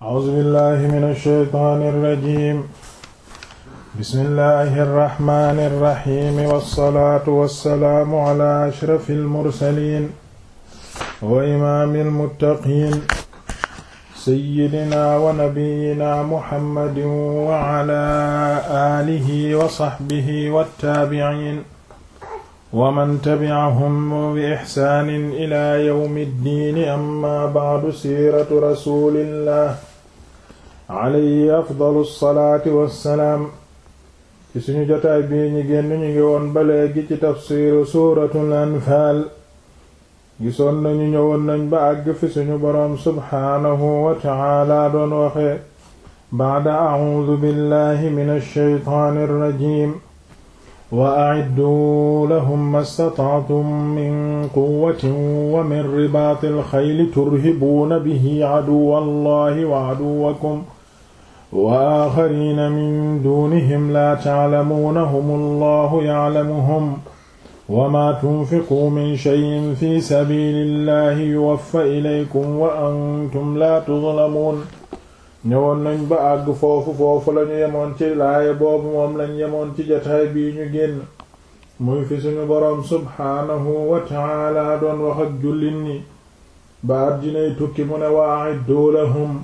A'uuzu billaahi mina shaytaani rajiim. Bismillaahi rahmaani rahiim. Wassalaatu wassalaamu alaa ashrafil mursaliin. wa imaamil muttaqiin. Sayyidinaa wa nabiyyinaa Muhammadin wa alaa aalihi wa sahbihi wattaabi'iin. wa man tabi'ahum bi ihsaanin ilaa yawmi ddiin. Ammaa ba'du siiratu rasuulillah. alayhi afdalu salaati wassalaam ci suñu jotaay bii ñi génn ñu ngi woon ba léegi ci tafsiiru suuratul anfaal gisoon nañu ñëwoon nañ ba àgg fi suñu boroom subxaanahu wa tacaala doon waxe bacda acuudu billahi min alsheytaani alrajim wa acidduu lahum ma statactum min quwatin wa min ribaati alxayli turhibuuna bihi caduwa allahi wa caduwakum wa axarina min duunihim laa ta'lamuunahum allahu ya'lamuhum wa maa tunfiquu min shay'in fi sabiilillahi yuwaffa ilaykum wa antum laa tuzlamuun ñëwoon nañ ba àgg foofu foofu lañu yemoon ci laaya boobu moom lañ yemoon ci jotaay bii ñu génn muy fi suñu boroom subhaanahu wa ta'aala doon wax ak jullit ñi ba àddinay tukki mu ne wa a'iddu lahum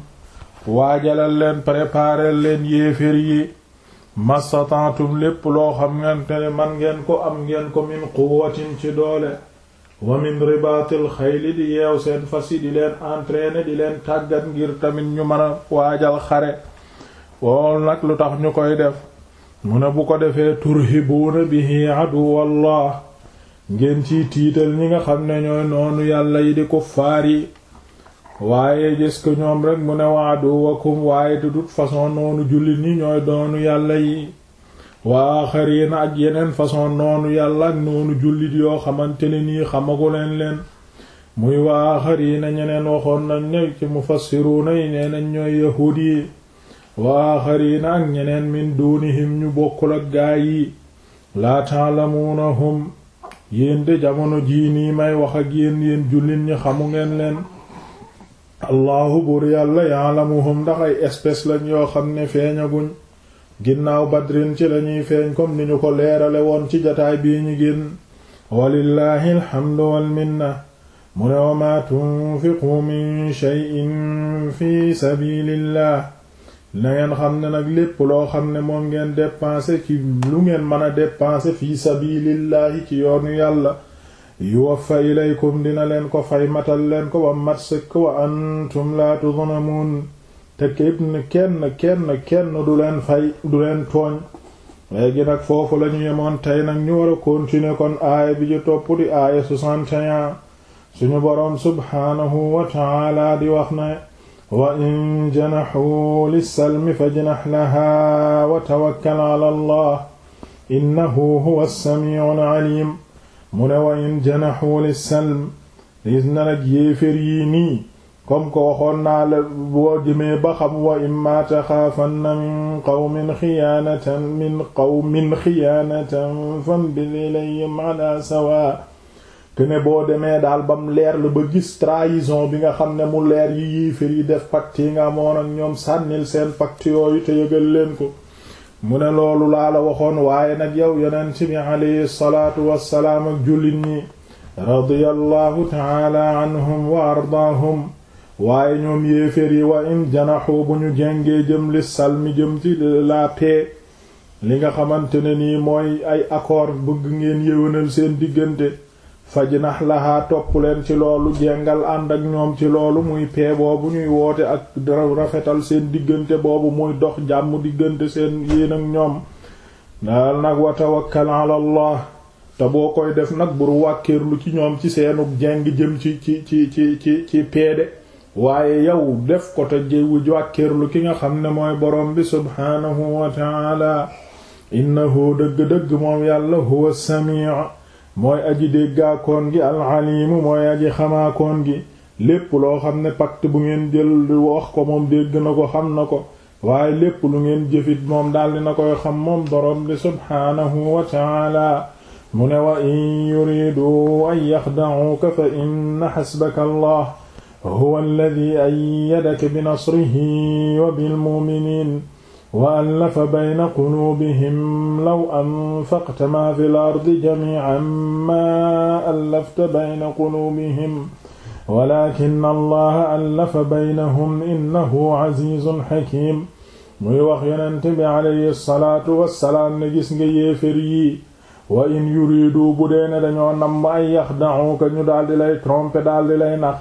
waajalal leen préparer leen yéefér yi mastataatum lépp loo xam ngeen te man ngeen ko am ngeen ko min quwwatin ci doole wa min ribaatil xayli di yeew seen fas yi di leen entraîner di leen tàggat ngir tamit ñu mën a waajal xare wool nag lu tax ñu koy def mu ne bu ko defee turhibuuna bihi aduwallah ngeen ciy tiital ñi nga xam ne ñooy noonu yàlla yi di kuffaar yi waaye gis ko ñoom rek mu ne waadu wakum waaye de toute façon noonu jullit ñi ñooy doonu yàlla yi waa xëri na ak yeneen façon noonu yàlla ak noonu jullit yoo xamante ne nii xamagu leen leen muy waa yi na ñeneen waxoon nañ ne ci mufassiruuna yi nee ñooy yahuud yi waa xëri na ak ñeneen min duunihim ñu bokkul ak gaay yi laa ta'lamuunahum yéen de jamono jii nii may wax ak yéen yéen jullit ñi xamu ngeen leen. allahu buur yàlla yaalamuhum ndax ay espèce lañ yoo xam ne feeñaguñ ginnaaw badrin ci lañuy feeñ comme ni ñu ko leerale woon ci jataay bii ñu génn walillaahi alxamdu walminna mu ne wa maa tunfiqu min shay'in fi sabilillah na ngeen xam ne nag lépp loo xam ne moom ngeen dépenser ci lu ngeen mën a dépenser fi sabilillahi ci yoonu yàlla yuwaffa fa dina leen ko fay matal leen ko wa mat sëkk wa antum la tuzlamun te ibn kenn kenn kenn du leen fay du leen tooñ léegi nag foofu lañu yemoon tey nag ñu war a continuer kon aaya bi ji topp di aaya 61 suñu boroom subhaanahu wa ta'ala di wax na wa in janaxuu lissalmi fajnax lahaa wa tawakkal allah innahu huwa as-sami'ul alim mu ne wa in janaxu lissalm gis na nag yéefér yi nii comme ko waxoon naa la boo jëmee ba xam wa imma taxaafanna min qawmin xiyaanatan min qawmin xiyaanatan fambil ilayhim ala sawa te ne boo demee daal bam leer la ba gis trahison bi nga xam ne mu leer yi yéefér yi def pacte yi nga amoon ak ñoom sànnil seen pacte yooyu te yëgal ko mu ne loolu laa la waxoon waaye nag yow yonent bi alayhi salaatu wassalaam ak jullit ñi radiyallahu taala anhum wa ardaahum waaye ñoom yéeféer yi wa in janaxu bu ñu jengee jëm li salmi jëm ci la li nga xamante ne nii mooy ay accord bëgg ngeen yëwénal seen diggante fajnax lahaa topp leen ci loolu jengal ànd ak ñoom ci loolu muy pee boobu ñuy woote ak rafetal seen diggante boobu muy dox jàmm diggante seen yéen ak ñoom daal nag wa tawakkal ala te boo koy def nag bur wàkkiirlu ci ñoom ci seenu jeng jëm ci ci ci ci ci ci peede waaye yow def ko te jëwu wàkkiirlu ki nga xam ne mooy borom bi subhaanahu wa taala innahu dëgg-dëgg moom yàlla huwa samii mooy aji koon gi alxaliimu mooy aji xamaakoon gi lépp loo xam ne pacte bu ngeen jël wax ko moom dégg na ko xam na ko waaye lépp lu ngeen jëfit moom daldi na koy xam moom boroom bi subhaanahu wa taala mu ne wa in yuridu an yaxda'uuka fa inna xasbaka allah huwa alladi ayyadaka bi nasrihi wa bil mu'miniin wa allafa bayna quluubihim law anfaqta maa fi l-ardi jamii'an maa allafta bayna quluubihim walaakinna Allaha allafa baynahum innahu aziizun hakiim muy wax Yonent bi alayhi salaatu wa salaam ne gis nga yéefar yi wa in yuriidu bu dee ne dañoo namm ay yaxda'uuka ñu daldi lay tromper daldi lay nax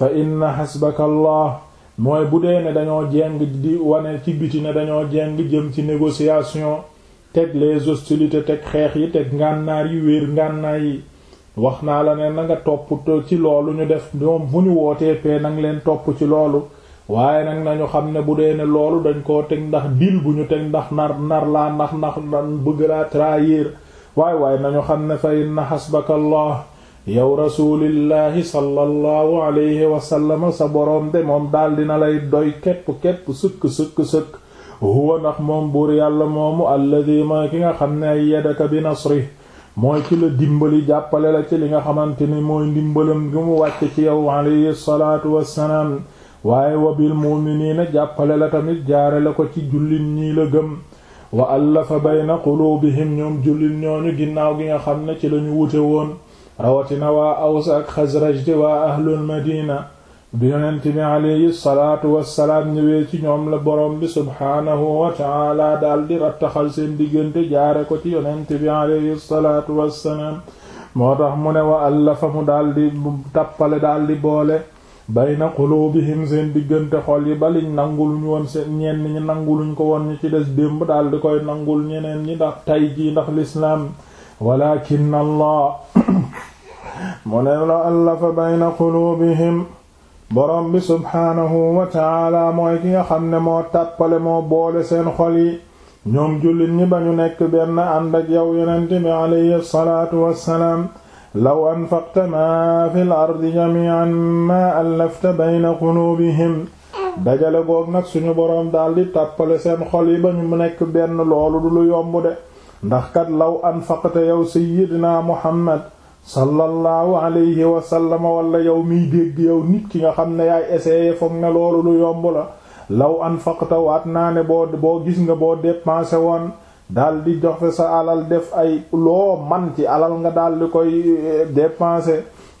fa inna hasbaka Allah mooy bu dee ne dañoo jeng di wane ci biti ne dañoo jeng jëm ci négociation teg les hostilités teg xeex yi teg ngànnaar yi wéer ngànnaar yi wax naa la ne na nga topp ci loolu ñu def ñoom bu ñu wootee pee nang leen topp ci loolu waaye nag nañu xam ne bu dee ne loolu dañ koo teg ndax dil bu ñu teg ndax nar nar laa ndax ndax bëgg laa trahir waay waaye nañu xam ne fa inna hasbaka Allah yow rasulillahi sallallahu alayhi wasallama sa boroom de moom daal na lay doy képp-képp sëkk-sëkk-sëkk huwa ndax moom buur yàlla moomu alladi mooy ki nga xam ne ay yadaka bi nasri mooy ki la dimbali jàppale la ci li nga xamante ni mooy ndimbalam gi mu wàcc ci yow alayhi salaatu wassalaam waaye wabil mu'miniina jàppale la tamit jaare la ko ci jullit ñii la gëm wa allafa bayna quluubihim ñoom jullit ñooñu ginnaaw gi nga xam ne ci lañu wute woon rawatina waa aws ak xasraj di waa ahlul madina bi yonent bi aleyhi wassalaam ñëwee ci ñoom la boroom bi subhaanahu wa taala daldi rattaxal seen diggante jaare ko ci yonent bi aleyhi wassalaam moo tax mu ne wa allafa mu daldi tappale daldi boole bayna quluubihim seen diggante xool yi baliñ nanguluñ woon seen ñenn ñi nanguluñ ko woon ñu ci des démb daldi koy nangul ñeneen ñi ndax tey jii ndax lislaam walakin allah mu ne la allafa bayna quluubihim borom bi subhaanahu wa taala mooy ki nga xam ne moo tàppale moo boole seen xol yi ñoom jullit ñi ba ñu nekk benn ànd ak yow yonente bi alayhi salaatu wassalaam law anfaqta maa fi l ardi jamii'an maa allafta bayna quluubihim dajale goog nag suñu boroom daldi tàppale seen xol yi ba ñu nekk benn loolu du lu yomb de ndax kat law anfaqta yow sayyidina muhammad sallallahu alayhi wa sallam wala yow miy dégg yow nit ki nga xam ne yaay essayé foog ne loolu lu yomb la law anfaqta waat naa ne boo boo gis nga boo dépensé woon daal di joxe sa alal def ay loo man ci alal nga dal di koy eh, dépensé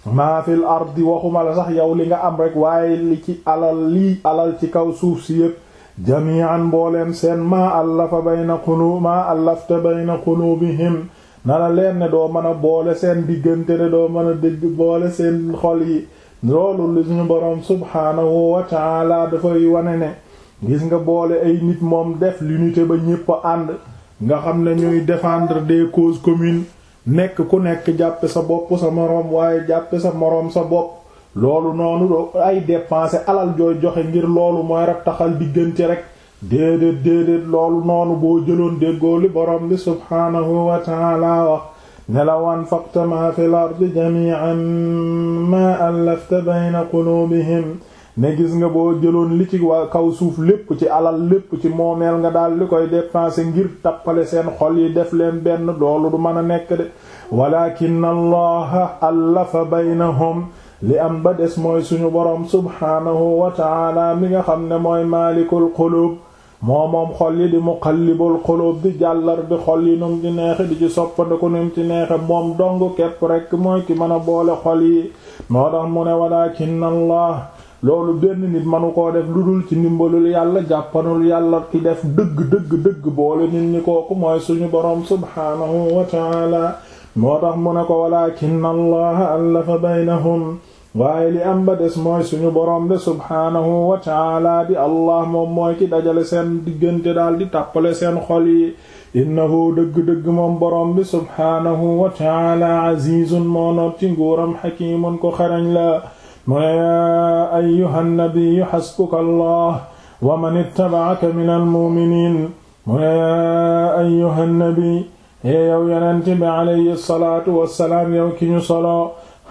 maa fil ardi waxuma la sax yow li nga am rek waaye li ci alal lii alal ci kaw suuf si yépp jami'an booleen seen maa allafa bayna qulu maa allafta bayna qulubihim na la leen ne doo mën a boole seen diggante ne doo mën a dégg boole seen xol yi loolu li suñu boroom subhaanahu wa ta'ala dafay wane ne gis nga boole ay nit moom def l'unité ba ñépp ànd nga xam ne ñuy défendre des causes communes nekk ku nekk jàppe sa bopp sa moroom waaye jàppe sa moroom sa bopp loolu noonu ay dépenser alal jooy joxe ngir loolu mooy rek taxal diggante rek déedéet déedéet loolu noonu boo jëloon déggoo li borom bi subhaanahu wa taala wax ne la wanfaqta maa fil ardi jami'an ma allafta bayna qulubihim ne gis nga boo jëloon li ci waa kaw suuf lépp ci alal lépp ci moomeel nga daal li koy dépenser ngir tappale seen xol yi def leen benn loolu du mën a nekk de walakin allaha allafa baynahum li am ba des mooy suñu borom subhaanahu wa taala mi nga xam ne mooy maalikul qulub moo moom xol yi di muqallibul xulub di jàllar di xol yi num ci neexe di ci soppandiku num ci neexe moom dong kepp rekk mooy ki mën a boole xol yi moo tax mu ne walakin allah loolu benn nit manu koo def lu dul ci ndimbalul yàlla jàppanul yàlla ki def dëgg dëgg dëgg boole nit ñi kooku mooy suñu boroom subhaanahu wa taala moo tax mu ne ko walakin allah allafa baynahum waaye li am ba des mooy suñu boroom de subhaanahu wa taala di allah moom mooy ki dajale seen diggante daal di tàppale seen xol yi innahu dëgg-dëgg moom boroom bi subhaanahu wa taala azizun moo noot ci nguuram xakimun ko xarañ la mu ne yaa ayyuha nnabiyu xasbuka allah wa man ittaba'aka min almu'minin mu ne yaa ayyuha nnabi e yow yonente bi alayhi salaatu wassalaam yow ki ñu solo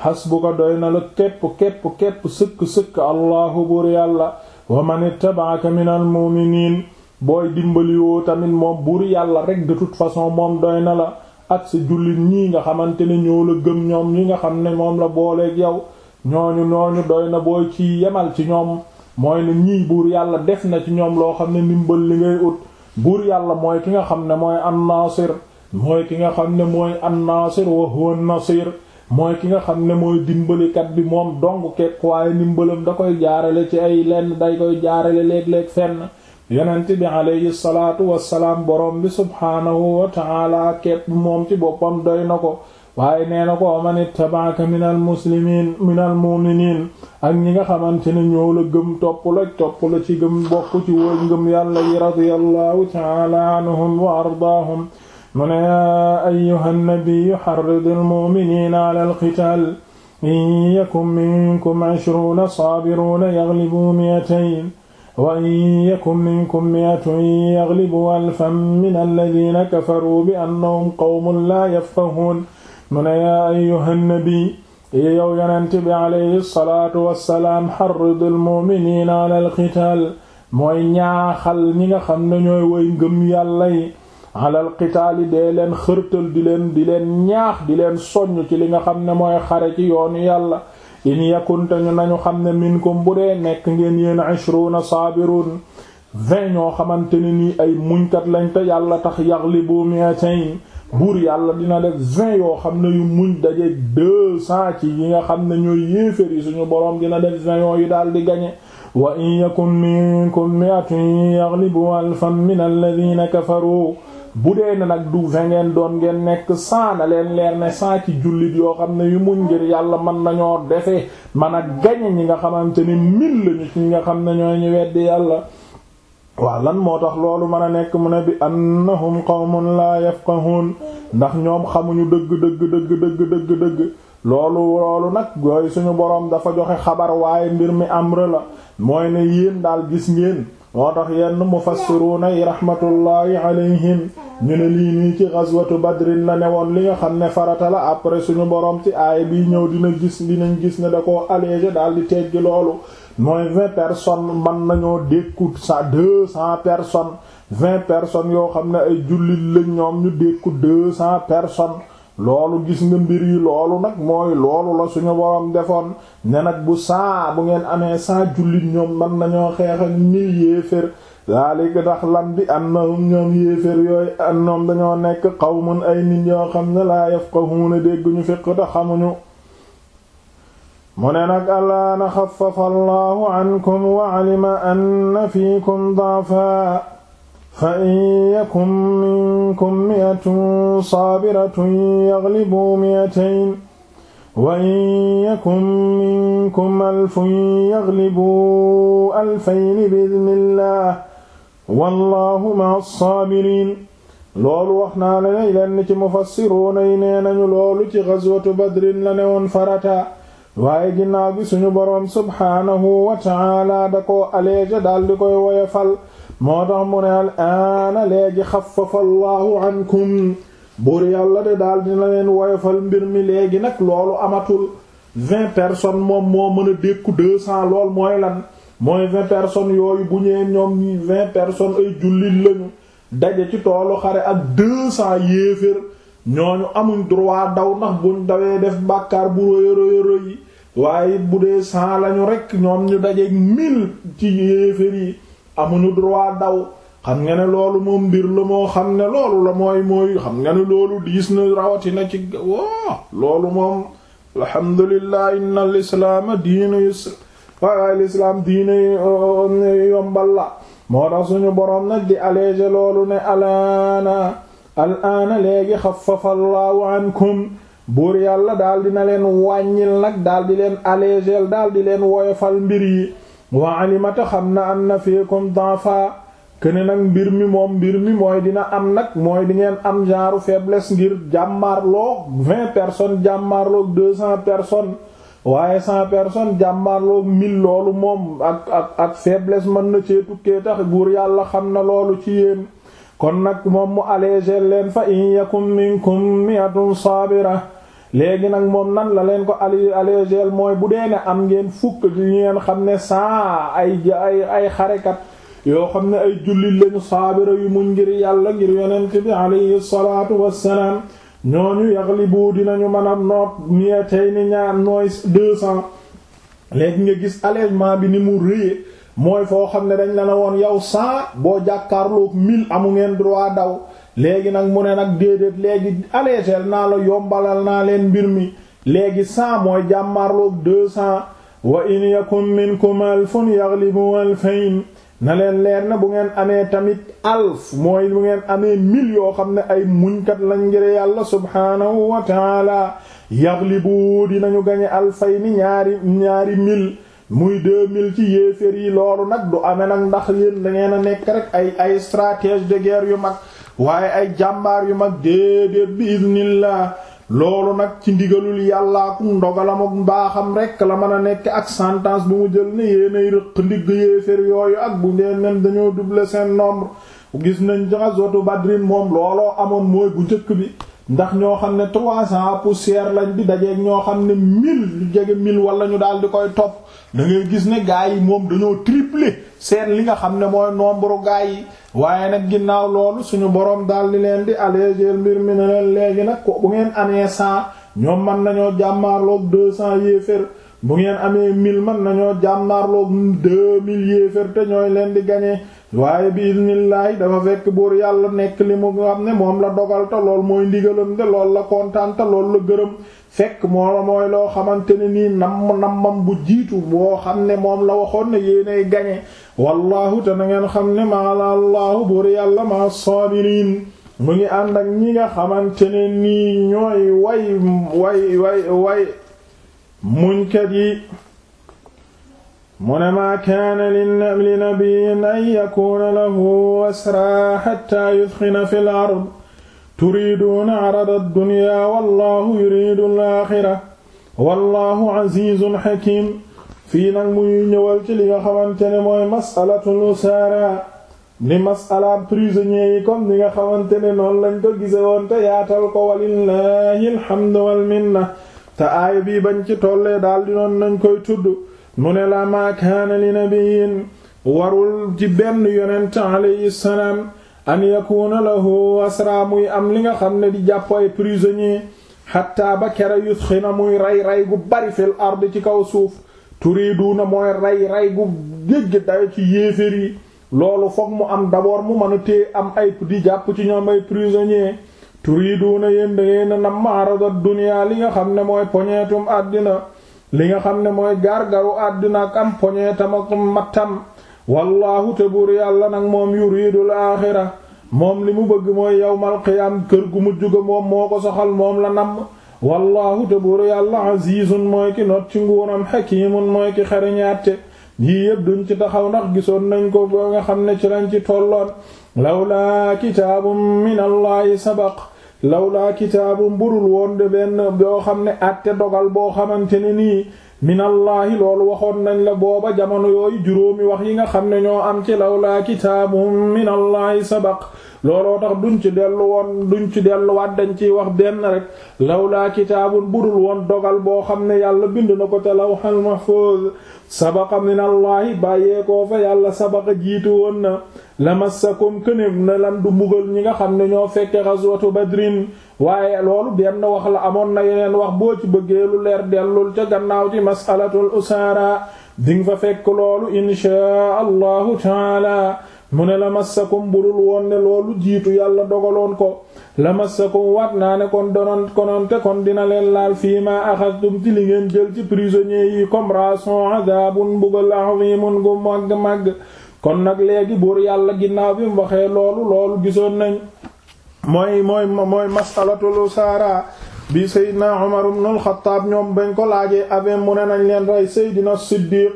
xasbuka doy na la képp képp képp sëkk sëkk allahu buur yàlla wa man ittabaaka minal mu'miniin booy dimbali woo tamit moom buur yàlla rek de toute façon moom doy na la ak sa jullit ñii nga xamante ni ñoo la gën ñoom ñi nga xam ne moom la booleeg yow ñooñu ñooñu doy na booy ci yemal ci ñoom mooy ne ñii buur yàlla def na ci ñoom loo xam ne ndimbal li ngay ut buur yàlla mooy ki nga xam ne mooy an-Nasir mooy ki nga xam ne mooy an-Nasir wa huwa mooy ki nga xam ne mooy dimbalikat bi moom dong kekk waaye dimbalam da koy jaarale ci ay lenn day koy jaarale léeg-léeg fenn yonent bi aleyhi salaatu wassalaam borom bi subhaanahu wa ta'ala kepp moom ci boppam doy na ko waaye nee na ko man ittabaaka minal muslimiin minal mu'miniin ak ñi nga xamante ne ñoo la gëm topp la topp la ci gëm bokk ci wóoy ngëm yàlla yi radiyallahu ta'ala anhum wa ardaahum mu ne yaa ayyuha nnabiyu xarridi almuminina ala alqitaal in yakun minkum ishruuna saabiruuna yaglibuu mi'atayn wa in yakun minkum mi'atun yaglibuu alfan min alladina kafaruu bi annahum qawmun laa yafqahuun mu ne yaa ayyuha nnabiy yow yonent bi alayhi salaatu wassalaam xarridi almuminina ala alqitaal mooy ñaaxal ñi nga xam ne ñooy woy ngëm yàlla yi alal qitaali de leen xërtal di leen di leen ñaax di leen soññ ci li nga xam ne mooy xare ci yoonu yàlla in yakunte ñu nañu xam ne minkum bu dee nekk ngeen yéen ishruuna saabirun vingt ñoo xamante ne nii ay muñkat lañ te yàlla tax yaghlibu yi buur yàlla dina def vingt yoo xam ne yu muñ daje deux cent ci yi nga xam ne ñooy yéefér yi suñu boroom dina def vingt yoo yu daal di gañe wa in yakun minkum a yaghlibu alfan min alladhina kafaru bu dee ne nag dugg vingt ngeen doon ngeen nekk cent na leen leer ne cent ci jullit yoo xam ne yu mu ngir yàlla mën nañoo defee man a gañe ñi nga xamante ni mille lañu ci nga xam ne ñoo ñu weddi yàlla waaw lan moo tax loolu mën a nekk mu ne bi annahum qawmun la yafqahun ndax ñoom xamuñu dëgg dëgg dëgg dëgg dëgg dëgg loolu loolu nag yooyu suñu boroom dafa joxe xabar waaye mbir mi amr la mooy ne yéen daal gis ngeen moo tax yenn na yi rahmatullahi alayhim ñu ne lii nii ci ghazwatu badrin la woon li nga xam ne farata la après suñu boroom ci aay bi ñëw dina gis li dinañ gis ne da ko allégé daal di teggi loolu mooy vingt personnes man nañoo dékku sa deux cent personnes vingt personnes yoo xam ne ay jullit lañ ñoom ñu dékku deux cent personnes loolu gis nga mbir yi loolu nag mooy loolu la suñu borom defoon ne nag bu saa bu ngeen amee saa jullit ñoom man nañoo xeex ak mil yéefér daalika tax lan bi annahum ñoom yéefér yooyu annoom dañoo nekk xaw qawmun ay nit yoo xam ne laa yafqahuuna dégguñu fiq te xamuñu mu ne nag alaana xafafa ankum wa alima anna fiikum daafa fa in yakun minkum mi'atun saabiratun yaglibu mi'atayn wa in yakun minkum alfun yaglibu alfayni bi-idhnillah wallaahu ma'a saabiriin loolu wax naa la ne lenn ci mufassiruuna yi nee nañu loolu ci ghazwatu badrin la newoon farata waaye ginnaaw gi suñu boroom subhaanahu wa ta'aala da koo aleeja daal di koy woyofal moo tax mu ne al aana léegi xaffafa allahu ankum buur yàlla de daal dina leen woyofal mbir mi léegi nag loolu amatul vingt personnes moom moo mën a dékku deux cents lool mooy lan mooy vingt personnes yooyu bu ñëwee ñoom vingt personnes ay jullit lañu daje ci toolu xare ak deux cents yéefér ñooñu amuñ droit daw ndax buñ dawee def bàkkaar bu rëy rëy rëy yi waaye bu dee cent lañu rekk ñoom ñu daje mille ci yéefér yi amuñu droit daw xam nga loolu moom mbir la moo xam ne loolu la mooy mooy xam nga ne loolu moom alhamdulillah inna al islaama diinu uh, la moo tax suñu boroom nag di alléger loolu ne alaana alaana léegi ankum buur yàlla daal dina leen wàññil nag daal di leen alléger daal di leen woyofal mbir wa alimata xam na an na fiikum dafa kene nag mbir mi moom mbir mi mooy dina am nag mooy di ngeen am genre faiblesse ngir jàmmaarloog vingt personnes jàmmaarloog deux cent personnes waaye cent personnes jàmmaarloog mille loolu moom ak ak ak faiblesse mën na cee tukkee tax buur yàlla xam na loolu ci yéen kon nag moom mu allégé leen fa in yakum minkum mi'atun sabira léegi nag moom nan la leen ko allégeel mooy bu dee ne am ngeen fukk ñu ngeen xam ne saa ay ay ay xarekat yoo xam ne ay jullit lañu saabira yu muñ ngir yàlla ngir yonent bi alayhi salaatu wassalaam ñooñu yaglibu dinañu mën a noot mie tey ni ñaar nooy deux nga gis allègement bi ni mu réyee mooy foo xam ne dañ la na woon yow cent boo jàkkaarloog mille amu ngeen droit daw léegi nag mu ne nag déedéet léegi allégeel naa la yombalal naa leen mbir mi léegi cent mooy jàmmarloog cent wa in yakun minkum alfun yaghlibu alfayn na leen leer na bu ngeen amee tamit alf mooy bu ngeen amee mil yoo xam ne ay muñkat lañ ngir yàlla subhaanahu wa taala yaghlibu dinañu gañe alfayni ñaari ñaari mil muy deux mille ci yéefér yi loolu nag du amee nag ndax yéen da ngeen a nekk rek ay ay stratège de guerre yu mag waaye ay jàmbaar yu mag déedéet bi idnillah loolu nag ci ndigalul yàllaa ku ndogalam ak mbaaxam rekk la mën a nekk ak sentance bu mu jël ne yéenay rëq ndigg yéefér yooyu ak bu ngeen nen dañoo doubler seen nombre gis nañ ghazwatu Badrin moom looloo amoon mooy bu njëkk bi ndax ñoo xam ne trois cents poussière lañ bi dajeeg ñoo xam ne mille lu jege mille wala ñu daal di koy topp da ngay gis ne gaa yi moom dañoo tripler seen li nga xam ne mooy nombre gaa yi waaye nag ginnaaw loolu suñu borom daal di leen di alléger mbir mi ne leen léegi nag ko bu ngeen amee cent ñoom mën nañoo jàmmaarloog deux cent yéefér bu ngeen amee mille mën nañoo jàmmaarloog deux mille yéefér te ñooy leen di gagner waaye bi idnillaahi dafa fekk buur yàlla nekk li mu xam ne moom la dogal lool mooy ndigalam de lool la kontaan te lool la gërëm fekk moo mooy loo xamante ne nii nam nammam bu jiitu boo xam ne moom la waxoon ne yéenay gañe wallaahu te na ngeen xam ne maa la allaahu buur yàlla maa saabiriin mu ngi ànd ak ñi nga xamante ne nii ñooy way way way way muñkat yi mu ne maa kaana li nabiyyin an yakuuna lahu asraa hattaa yudxina fil ard turiiduuna arada ad-dunyaa wallaahu yuriidu al-aaxira wallaahu aziizun hakiim fii nag muy ñëwal ci li nga xamante ne mooy masalatul usaara ni masala prisonniers yi comme ni nga xamante ne noonu lañ ko gise woon te yaatal ko walillaahi alhamdu wal minna te aaya bii bañ ci tollee daal di noon nañ koy tudd mu ne la ma kaana li nabiyin warul ci benn yonent alayhi salaam an yakuuna lahu asra muy am li nga xam ne di jàpp ay prisonnier xattaa ba kera yusxina muy rey rey gu bari fil ard ci kaw suuf turiiduuna mooy rey rey gu jégg dayo ci yéefér yi loolu foog mu am d'abord mu mën a am ay di jàpp ci ñoom ay prisonnier turiiduuna yéen da ngeen nam maarada li nga xam ne mooy poñeetum àddina li nga xam ne mooy gargaru àddina ak am poñeetam ak mattam wallaahu te buur yàlla nag moom yuriidul aaxira moom li mu bëgg mooy yawmal qiyaam kër gu mujj ga moom moo ko soxal moom la namm wallaahu te buur yàlla azizun mooy ki not ci nguuram xakiimun mooy ki xariñaate yii yépp duñ ci taxaw ndax gisoon nañ ko ba nga xam ne ci lañ ci tolloon lawlaa kitaabun min sabaq lawlaa kitaabu mburul woon de benn yoo xam ne àtte dogal boo xamante ne nii minallaahi loolu waxoon nañ la booba jamono yooyu juróomi wax yi nga xam ne ñoo am ci lawlaa kitaabum minallaahi sabaq looloo tax duñ ci dellu woon duñ ci delluwaat dañ ciy wax benn rek lawlaa kitaabun budul woon dogal boo xam ne yàlla bindu na ko te lawhal mahfuz sabaqa minallaahi bàyyeekoo fa yàlla sabaqa jiitu woon na lamassakum këneem na lan du mbugal ñi nga xam ne ñoo fekke ghazwatu badrin waaye loolu benn wax la amoon na yeneen wax boo ci bëggee lu leer dellul ca gannaaw ci masalatul usaara dinga fa fekk loolu inchaa allahu taala mu ne lamassakum burul woon ne loolu jiitu yàlla dogaloon ko lamassakum waat naa ne kon donon kononte kon dina leen laal fii ma axastum ci li ngeen jël ci prisonniers yi comme rason adabun mbugal azimun gu màgg-màgg kon nag léegi buur yàlla ginnaaw bi mu loolu loolu gisoon nañ mooy mooy mooy masalatul saara bi seydina Umar ibn al ñoom bañ ko laajee abee mu ne nañ leen rey seydina Siddiq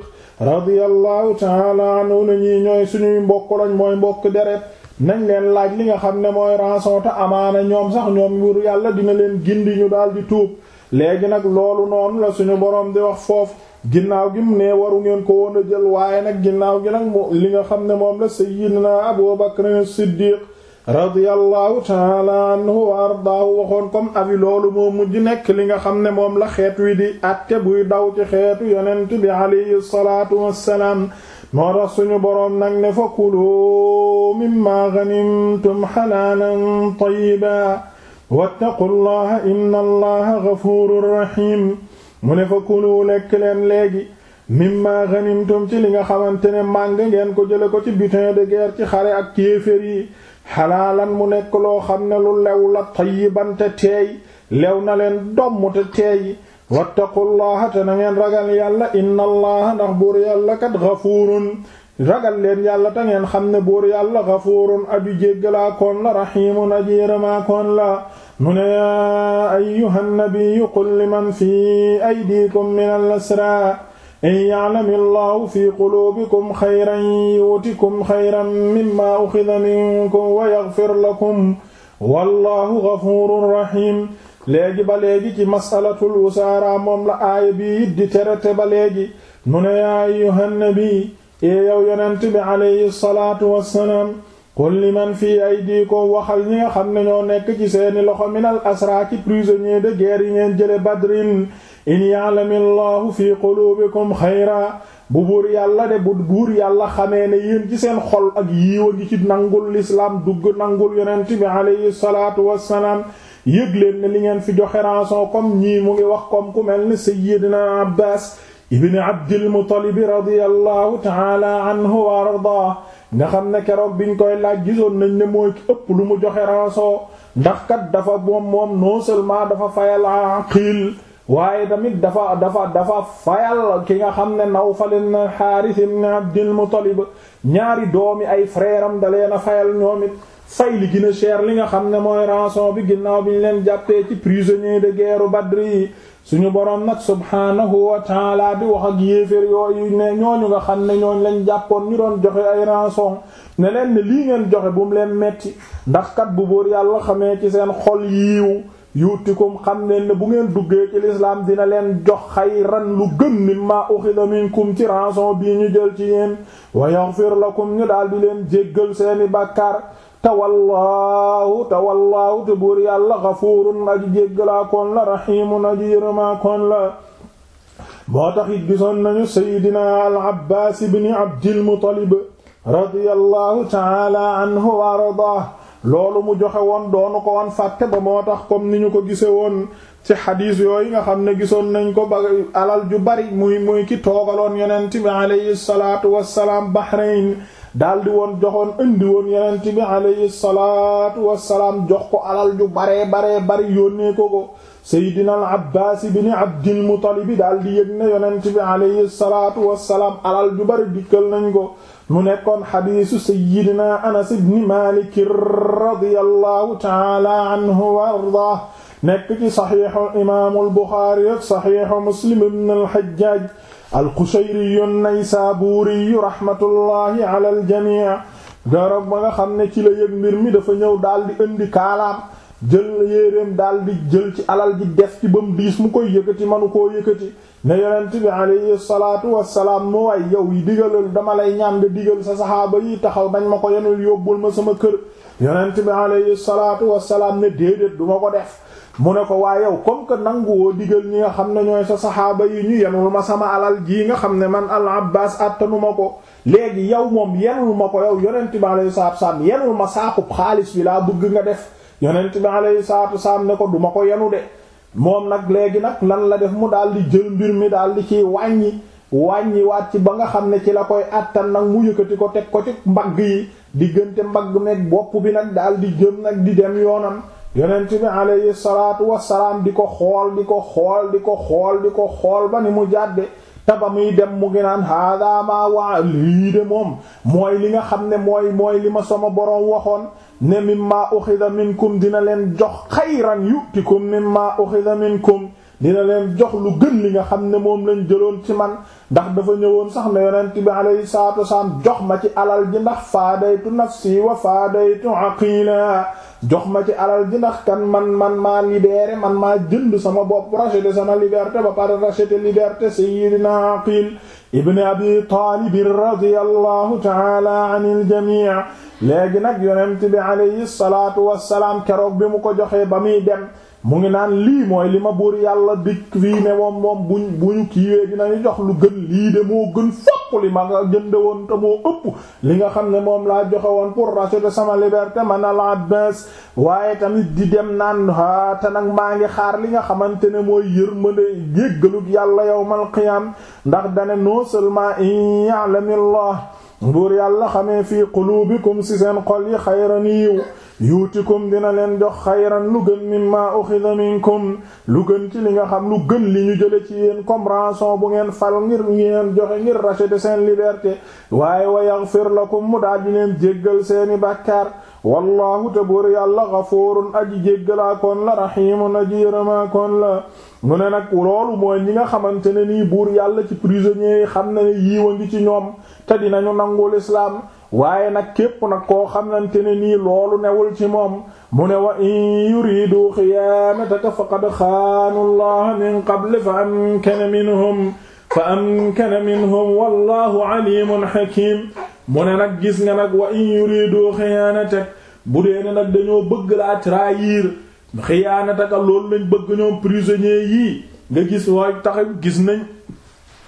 radiyallahu taala anhu na ñii ñooy suñuy mbokk lañ mooy mbokk deret nañ leen laaj li nga xam ne mooy rançon te amaana ñoom sax ñoom buur yàlla dina leen gindi ñu daal di tuub léegi nag loolu noonu la suñu boroom di wax foofu ginnaaw gi mu ngeen ko woon a jël waaye nag ginnaaw gi li nga xam ne moom la sayyidina Abu Bakr Siddiq radiyallahu taala anhu wa ardaahu waxoon comme abi loolu moo mujj nekk li nga xam ne moom la xeet wi di àtte buy daw ci xeetu yonent bi alayhi salaatu wassalaam moo tax suñu boroom nag ne fa kuluu mimmaa ganimtum xalaalan tayyiban wattaqullaha inna allaha gafuurur rahiim mu ne fa kulu lekk leen léegi mimma ghanimtum ci li nga xamante ne màng ngeen ko jële ko ci butin de guerre ci xare ak kéeféer yi xalaalan mu nekk loo xam ne lu lew la tayyiban te teey lew na leen domm te teey wattaqullaha te na ngeen ragal yàlla inna ndax buur yàlla kat ghafuurun ragal leen yàlla te ngeen xam ne buur yàlla ghafuurun aju jéggalaakoon la rahimun aji la mu ne yaa ayyuha nnabiyu qul liman fi aydikum min al-asra in ya'lami llahu fi quluubikum xayran yu'tikum xayran mimma uxida minkum wa yaghfir lakum wallahu ghafurun rahim léegi ba léegi ci masalatul usaara moom la aaya bi it di terete ba léegi mu ne yaa ayyuha nnabi ee yow yonent bi alayhi salaatu wassalaam qul liman fii aydikum waxal ñi nga xam ne ñoo nekk ci seeni loxo minal asra ci prisonnier de guerre yi ngeen jële badrin in ya'lamillahu fi qulubikum xayra bu buur yàlla de bu buur yàlla xamee ne yéen ci seen xol ak yiiwa ngi ci nangul lislaam dugg nangul yonent bi alayhi salaatu wassalaam yëg leen ne li ngeen fi joxe rançon comme ñii mu ngi wax kom ku mel ni sayyidina abbas ibni abdil muttalib radiyallahu ta'ala anhu wa ardaa nga xam ne keroog bi ñu koy laaj gisoon nañ ne mooy ëpp lu mu joxe rançon ndax kat dafa moom moom non seulement dafa fayal Aqil waaye tamit dafa dafa dafa fayal ki nga xam ne Nawfal ibn Harith ibn Abdul Muttalib ñaari doomi ay frère am da a fayal ñoom it fay li gën a li nga xam ne mooy rançon bi ginnaaw bi ñu leen jàppee ci prisonnier de guerre Badri yi suñu boroom nag subhaanahu wa taala bi wax ak yéeféer yooyu ne ñooñu nga xam ne ñooñ lañ jàppoon ñu doon joxe ay rançon ne leen ne lii ngeen joxe bu mu leen metti ndax kat bu buur yàlla xamee ci seen xol yiiw yuutikum xam ne ne bu ngeen duggee ci lislaam dina leen jox xayran lu gën ma uxida minkum ci rançon bii ñu jël ci yéen wa yaghfir lakum ñu daal leen jéggal seeni bàkkaar te wallaahu te wallaahu te buur aji jéggalaa koon la raxiimun aji yërëmaa koon la moo tax it gisoon nañu seydina al abbaas ibni abdilmutalib radiyallahu taala anhu wa ardaah loolu mu joxe woon doonu ko woon fàtte ba moo tax comme ni ñu ko gise woon ci xadiis yooyu nga xam ne gisoon nañ ko ba alal ju bari muy muy ki toogaloon yonent bi alayhi salaatu wassalaam bahrain daldi woon joxoon indi woon yonent bi alayhi salaatu salaam jox ko alal ju baree baree bari yónnee ko ko Seydina al Abbaas ibn Abdil Muttalib daldi yëg ne yonent bi salaatu wassalaam alal ju bari dikkal nañ ko mu nekkoon xadiisu Seydina Anas ibn Maalik radiyallahu ta'ala anhu wa ardaah nekk ci saxiixu imaamul Buxaari Muslim ibn al alqushayriyu naysaabuuriyu rahmatullahi ala aljamii garoog ba nga xam ne ci la yëg mbir mi dafa ñëw daal di indi kaalaam jël yéeréem daal di jël ci alal ji def ci ba mu diis mu koy yëkkati manu koo yëkkati ne yonent bi alayhi salaatu salaam mu waay yow yi digalal dama lay ñaan nga digal sa saxaaba yi taxaw dañ ma ko yenul yóbbul ma sama kër yonent bi alayhi salaatu wassalaam ne déedéet ma ko def mu ne ko waaye yow comme que nanguwoo digal ñi nga xam ne ñooy sa saxaaba yi ñu yenul ma sama alal ji nga xam ne man al abbas attanu ma ko léegi yow moom yenul ma ko yow yonent bi alayhi salaatu salaam yenul ma saakub xaalis bi laa bëgg nga def yonent bi alayhi salaatu salaam ne ko duma ko yenu de moom nag léegi nag lan la def mu daal di jël mbir mi daal di ciy wàññi wàññi waat ci ba nga xam ne ci la koy attan nag mu yëkkati ko teg ko ci mbagg yi diggante mbagg meeg bopp bi nag daal di jëm nag di yoonam yonent bi alayhi salaatu wasalaam di ko xool di ko xool di ko xool di ko xool ba ni mu jàdde te muy dem mu ngi naan hada ma waa lii de moom mooy li nga xam ne mooy mooy li ma sama boroom waxoon ne mimma ukhidha minkum dina leen jox xayran yu'tikum mimma ukhidha minkum dina leen jox lu gën li nga xam ne moom lañ jëloon ci man ndax dafa ñëwoon sax ne yonent bi alayhi salaatu wasalaam jox ma ci alal ji ndax faadaytu nafsi wa faadaytu aqila jox ma ci alal ji ndax kan man man maa libéré man maa jënd sama bopp racheté sama liberté ba pare racheté liberté sayyidina Aqil ibn Abi Talib radiyallahu ta'ala anil jami' léegi nag yonent bi alayhi salaatu wassalaam keroog bi mu ko joxee ba muy dem mu ngi naan lii mooy li ma buur yàlla dikk fii ne moom moom bu ñu kiiwee dinañu jox lu gën lii de moo gën fopp li ma la jënde woon te moo ëpp li nga xam ne moom laa joxe woon pour racheter sama liberté na al Abbas waaye tamit di dem naan a te nag maa ngi xaar li nga xamante ne mooy yërmande jéggalug yàlla yawmal qiyaam ndax dane non seulement in ya'lamillah buur yàlla xamee fii qulubikum ci seen xol yi xayran yuutikum dina leen jox xayran lu gën mimma ukhidha minkum lu gën ci li nga xam lu gën li ñu jële ci yéen comme bu ngeen fal ngir ngeen joxe ngir racheter seen liberté waaye wa yaghfir lakum mu daal di leen jéggal seeni bàkkaar wallahu te buur yàlla ghafuurun aji jéggalaakoon la rahiimun aji yërëmaakoon la mu ne nag loolu mooy ñi nga xamante ne nii buur yàlla ci prisonniers yi xam ne ne yiiwa ngi ci ñoom te dinañu nangu l'islam waaye nag képp nag koo xamante ne nii loolu newul ci moom mu ne wa in yuridu xiyaanataka faqad xaanu llaha min qabl fa amkana minhum fa amkana minhum wallahu alimun hakim mu ne nag gis nga nag wa in yuridu xiyaanatak bu dee ne nag dañoo bëgg laa trahir xiyaanataka loolu lañ bëgg ñoom prisonniers yii nga gis waay tax gis nañ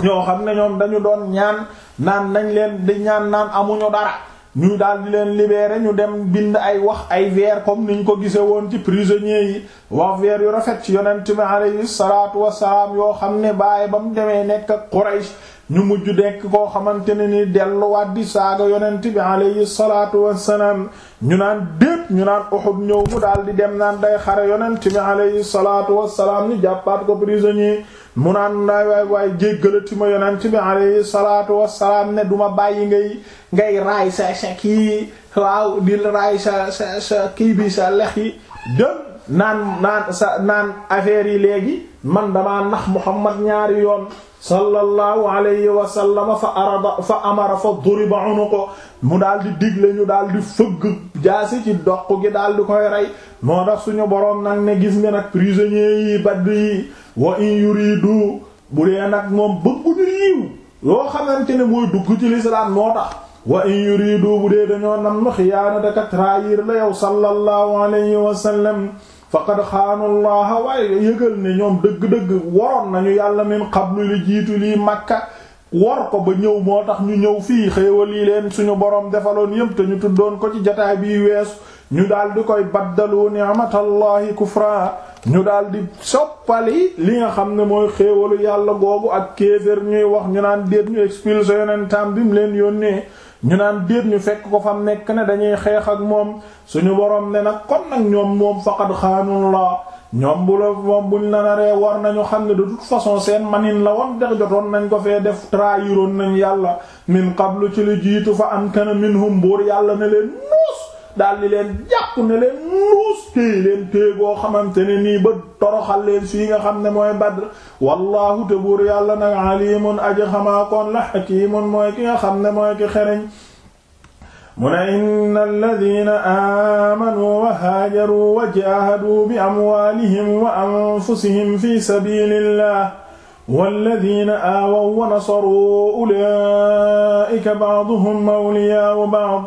ñoo xam ne ñoom dañu doon ñaan naan nañ leen di ñaan naan amuñu dara ñu daal leen libérer ñu dem bind ay wax ay veer comme ni ñu ko gise woon ci prisonniers yi wax veer yu rafet ci yonent bi alayhi salaatu wasalaam yoo xam ne bàyyi ba mu demee nekk ak Quraysh ñu mujj denk koo xamante ne ni delluwaat di saaga yonent bi alayhi salaatu wassalaam ñu naan déet ñu naan Uhud ñëw mu daal di dem naan day xare yonent bi alayhi salaatu wassalaam ni jàppaat ko prisonnier mu naan waaye waay waay jéggalati ma yonent bi alayhi salaatu wassalaam ne duma bàyyi ngay ngay raay sa sa kii waaw di raay sa sa kii bi sa lex yi dem naan naan sa naan affaire yi léegi man damaa nax Muhammad ñaari yoon sallallahu alayhi wa sallam fa arada fa amara fa duriba unuqo mu daal di digle ñu daal di fëgg jaasi ci doq gi daal di koy rey moo tax suñu boroom nag ne gis nga nag prisonniers yi Badr yi wa in yuridu bu dee nag moom bëgguñu yiw loo xamante ne boo dugg ci lislaam moo tax wa in yuridu bu dee dañoo nam nu xiyaanataka trahir la yow sallallahu alayhi wa faqad xaanu llaha waaye yëgal ne ñoom dëgg-dëgg woroon nañu yàlla min qablu li jiitu lii makka war ko ba ñëw moo tax ñu ñëw fii xéewal yi leen suñu borom defaloon yépp te ñu tuddoon ko ci jataay bii weesu ñu daal di koy baddalu ni'matallahi kufra ñu daal di soppali li nga xam ne mooy xéewalu yàlla googu ak kéefër ñuy wax ñu naan déet ñu expulsé yonentam bi mu leen yónnee ñu naan déet ñu fekk ko fam nekk ne dañuy xeex ak moom suñu borom ne nag kon nag ñoom moom faqad xaanullah ñoom bu la moom buñ la naree war nañu xam ne de toute façon seen manin la woon dex jotoon nañ ko fee def trahiroon nañu yàlla min qablu ci lu jiitu fa amkana minhum buur yàlla ne leen nuus daal di leen jàpp ne leen nuus téye leen téye boo xamante ne nii ba toroxal leen fii nga xam ne mooy Badr wallaahu te buur yàlla nag alimun aji xamaakoon la xakimun mooy ki nga xam ne mooy ki xereñ mu ne inna alladina aamanu wa haajaru wa jaahaduu bi amwaalihim wa anfusihim fi sabilillah walladina aawaw wa nasaruu ulaa'ika ba'duhum awliyaa'u ba'd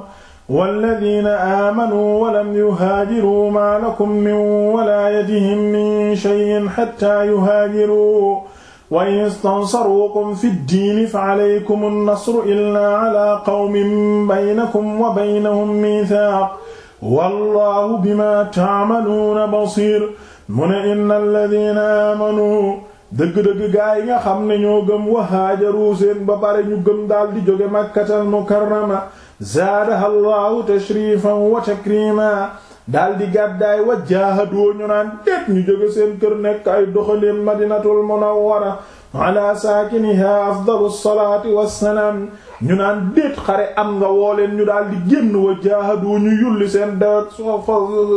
walladiina aamanuu walam yuhaajiruu maa lakum min walaayatihim min shay'in hattaa yuhaajiruu wa in istansaruukum fi ddiini facalaykum nnasru illaa calaa qawmin baynakum wa baynahum miisaaq wallaahu bimaa tacmaluuna basiir mu ne inna alladiina aamanuu dëgg-dëgg gaa yi nga xam ne ñoo gëm wa haajaruu seen ba bare ñu gëm daal di jóge makkatal mukarrama zaadaha llahu tashrifan wa takrima daal di gàddaay wa jaahadoo ñu naan det ñu jóge seen kër nekk ay doxaleen madinatul munawwara ala saakiniha afdalu salaati wassalaam ñu naan déet xare am nga woo leen ñu daal di génn wa jaahadoo ñu yulli seen dayot soo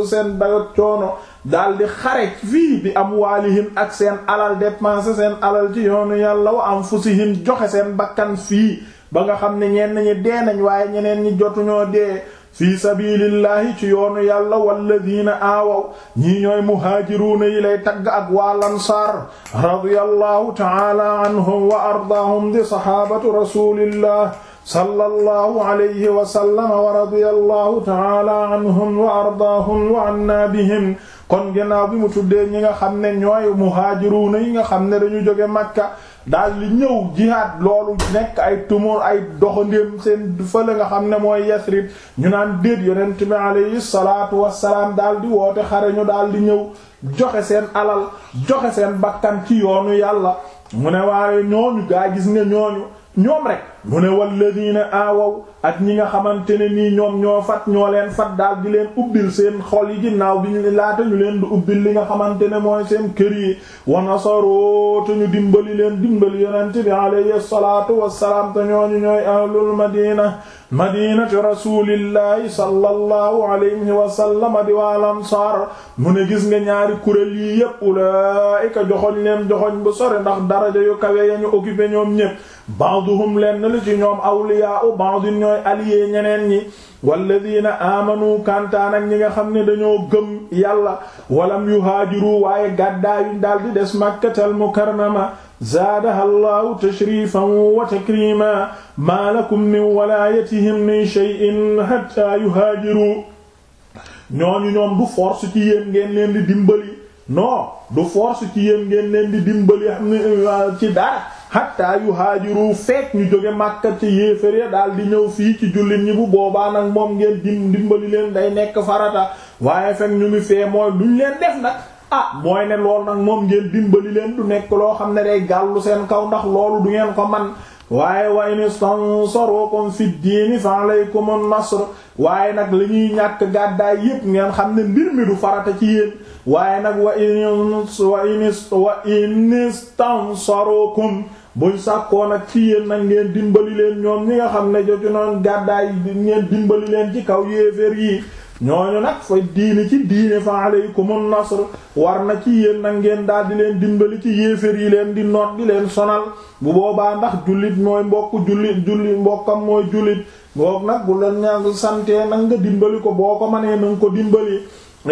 seen dayot coono daal di xare fii bi amwaalihim ak seen alal dépenser seen alal ci yoonu yàlla wa anfusihim joxe seen bakkan fii ba nga xam ne ñenn ñi dee nañ waaye ñeneen ñi jotuñoo dee fii sabilillahi ci yoonu yàlla walladina aawaw ñii ñooy muhaajiruuna yi lay tagg ak waa lansaar radiyallahu taala anhum wa ardaahum di sahaabatu rasulillah sallallahu alayhi wa sallam wa radiyallahu taala ardaahum wa anna bihim kon ginnaaw bi mu tuddee ñi nga xam ne ñooy muhaajiruuna yi nga xam ne dañu jóge Makka daal li ñëw jihaad loolu nekk ay tumoor ay doxandéem seen fële nga xam ne mooy Yasrib ñu naan déet yonent bi alayhi salaatu wassalaam daal di woote xare ñu daal di ñëw joxe seen alal joxe seen bakkan ci yoonu yàlla mu ne waaye ñooñu gaa gis nga ñooñu ñoom rek mu ne walladiina aawaw ak ñi nga xamante ne nii ñoom ñoo fat ñoo leen fat daal di leen ubbil seen xol yi ginnaaw bi ñu laata ñu leen di ubbil li nga xamante ne mooy seen kër yi wa nasaroo te ñu dimbali leen dimbali yonent bi alayhi salaatu wassalaam te ñooñu ñooy ahlul madina madinati rasulillahi sallallahu alayhi wa sallam di wal ansaar mu ne gis nga ñaari kuréel yi yépp ulaa'ika joxoñ leen joxoñ bu sore ndax daraja yu kawe ya ñu occupé ñoom ñépp ba'duhum ñële ci ñoom awliya u ba'din ñooy allié ñeneen ñi walladina amanu kantaan ñi nga xam ne dañoo gëm yàlla walam yuhaajiru waaye gàddaayuñ daal di des makkatal mukarrama zaadaha allahu tashrifan wa takrima maa lakum min walaayatihim min shay'in hatta yuhaajiru ñooñu ñoom du force ci yéen ngeen leen di dimbali non du force ci yéen ngeen leen di dimbali xam ne ci hatta yu haajiru fekk ñu jóge Makka ci yéefér ya daal di ñëw fii ci jullit ñi bu boobaa nag moom ngeen dim dimbali leen day nekk farata waaye fekk ñu ngi fee mooy duñ leen def nag ah mooy ne loolu nag moom ngeen dimbali leen du nekk loo xam ne day gàllu seen kaw ndax loolu du ngeen ko man waaye wa in istansarukum fi diini fa alaykum an-nasr waaye nag lañuy ñàkk gàddaay yépp ngeen xam ne mbir mi du farata ci yéen waaye nag wa in wa in istansarukum buñ sàkkoo nag ci yéen nag ngeen dimbali leen ñoom ñi nga xam ne jotu noon gàddaay ngeen dimbali leen ci kaw yéeféer yi ñooñu nag fa diini ci diine fa alaykumun nasr war na ci yéen nag ngeen daal di leen dimbali ci yéeféer yi leen di noot di leen sonal bu boobaa ndax julit mooy mbokk jullit jullit mbokkam mooy jullit ngoog nag bu leen ñaa santee nag nga dimbali ko boo ko mënee nanga ko dimbali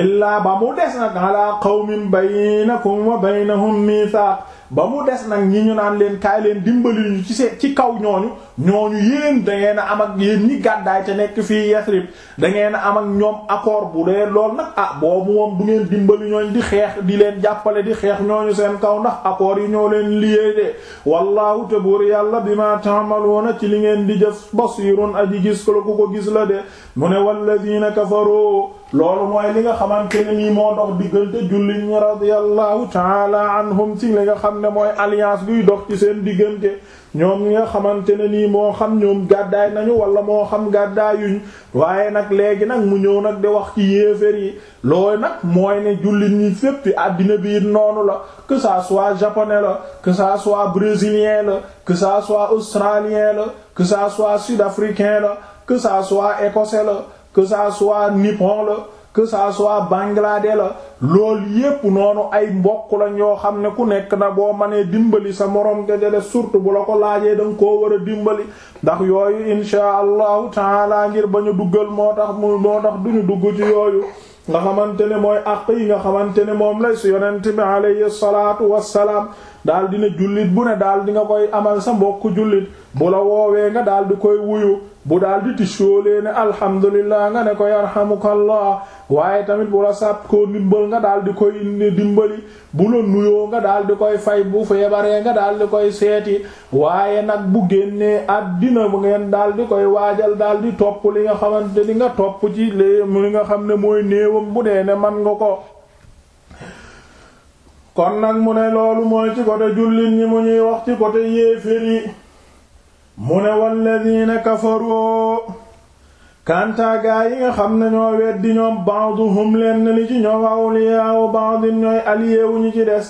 illaa ba mu des nag ala qawmin baynakum wa baynahum mithaq ba mu des nag ñi ñu naan leen kaay leen dimbali ñu ci seen ci kaw ñooñu ñooñu yéen da ngeen a am ak yéen ñi gàddaay te nekk fii Yasrib da ngeen a am ak ñoom accord bu dee lool nag ah boobu moom du ngeen dimbali ñooñ di xeex di leen jàppale di xeex ñooñu seen kaw ndax accord yi ñoo leen liyee de wallaahu te buur yàlla bi ma ta'maluuna ci li ngeen di jëf basirun di gis la ku ko gis la de mu ne walladina kafaru loolu mooy li nga xamante ne nii moo dox diggante jullit ñi radiyallahu taala anhum si li nga xam ne mooy alliance buy dox ci seen diggante ñoom ñi nga xamante ne nii moo xam ñoom gàddaay nañu wala moo xam gàddaayuñ waaye nag léegi nag mu ñëw nag di wax ci yéeféer yi loolu nag mooy ne jullit ñi fépp ci àddina bi noonu la que ça soit la que ça soit brésilien la que ça soit australien la que ça soit sud-africain la que ça soit écossais la que ça soit nippon la que ça soit Bangladesh la loolu yépp noonu ay mbokk la ñoo xam ne ku nekk na boo manee dimbali sa morom te de surtout bu la ko laajee da koo war a dimbali ndax yooyu insha allahu taala ngir ba ñu duggal moo tax mu moo tax duñu dugg ci yooyu nga xamante ne mooy àq yi nga xamante ne moom lay su yonent bi alayhi salaatu wassalaam daal dina jullit bu ne daal di nga koy amal sa mbokk jullit bu la woowee nga daal di koy wuyu bu daal di tisoolee ne alhamdulillah nga ne ko yarhamukallah waaye tamit bu la sàpp koo ndimbal nga daal di koy dimbali bu la nuyoo nga daal di koy fay bu feebaree nga daal di koy seeti waaye nag bu génnee àddina ngeen daal koy waajal daal di topp li nga xamante ni nga topp ci li nga xam ne mooy néewam bu dee ne man nga ko kon nag mu ne loolu mooy ci côté jullit ñi mu ñuy wax ci côté yéeféer yi mu ne walladina kafaru kanta gaa yi xam ne ñoo weddi ñoom ba'duhum lenn li ci ñoom awliyaa ba'din ñooy allié wu ñu ci des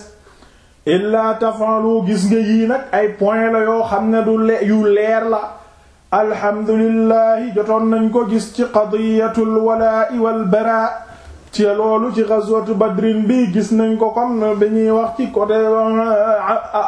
illaa tafaalu gis nga yii nag ay point la yoo xam ne du le yu leer la alhamdulillahi jotoon nañ ko gis ci qadiyatul walaa'i wal baraa ci loolu ci ghazwatu badrin bi gis nañ ko comme bi ñuy wax ci côté euh,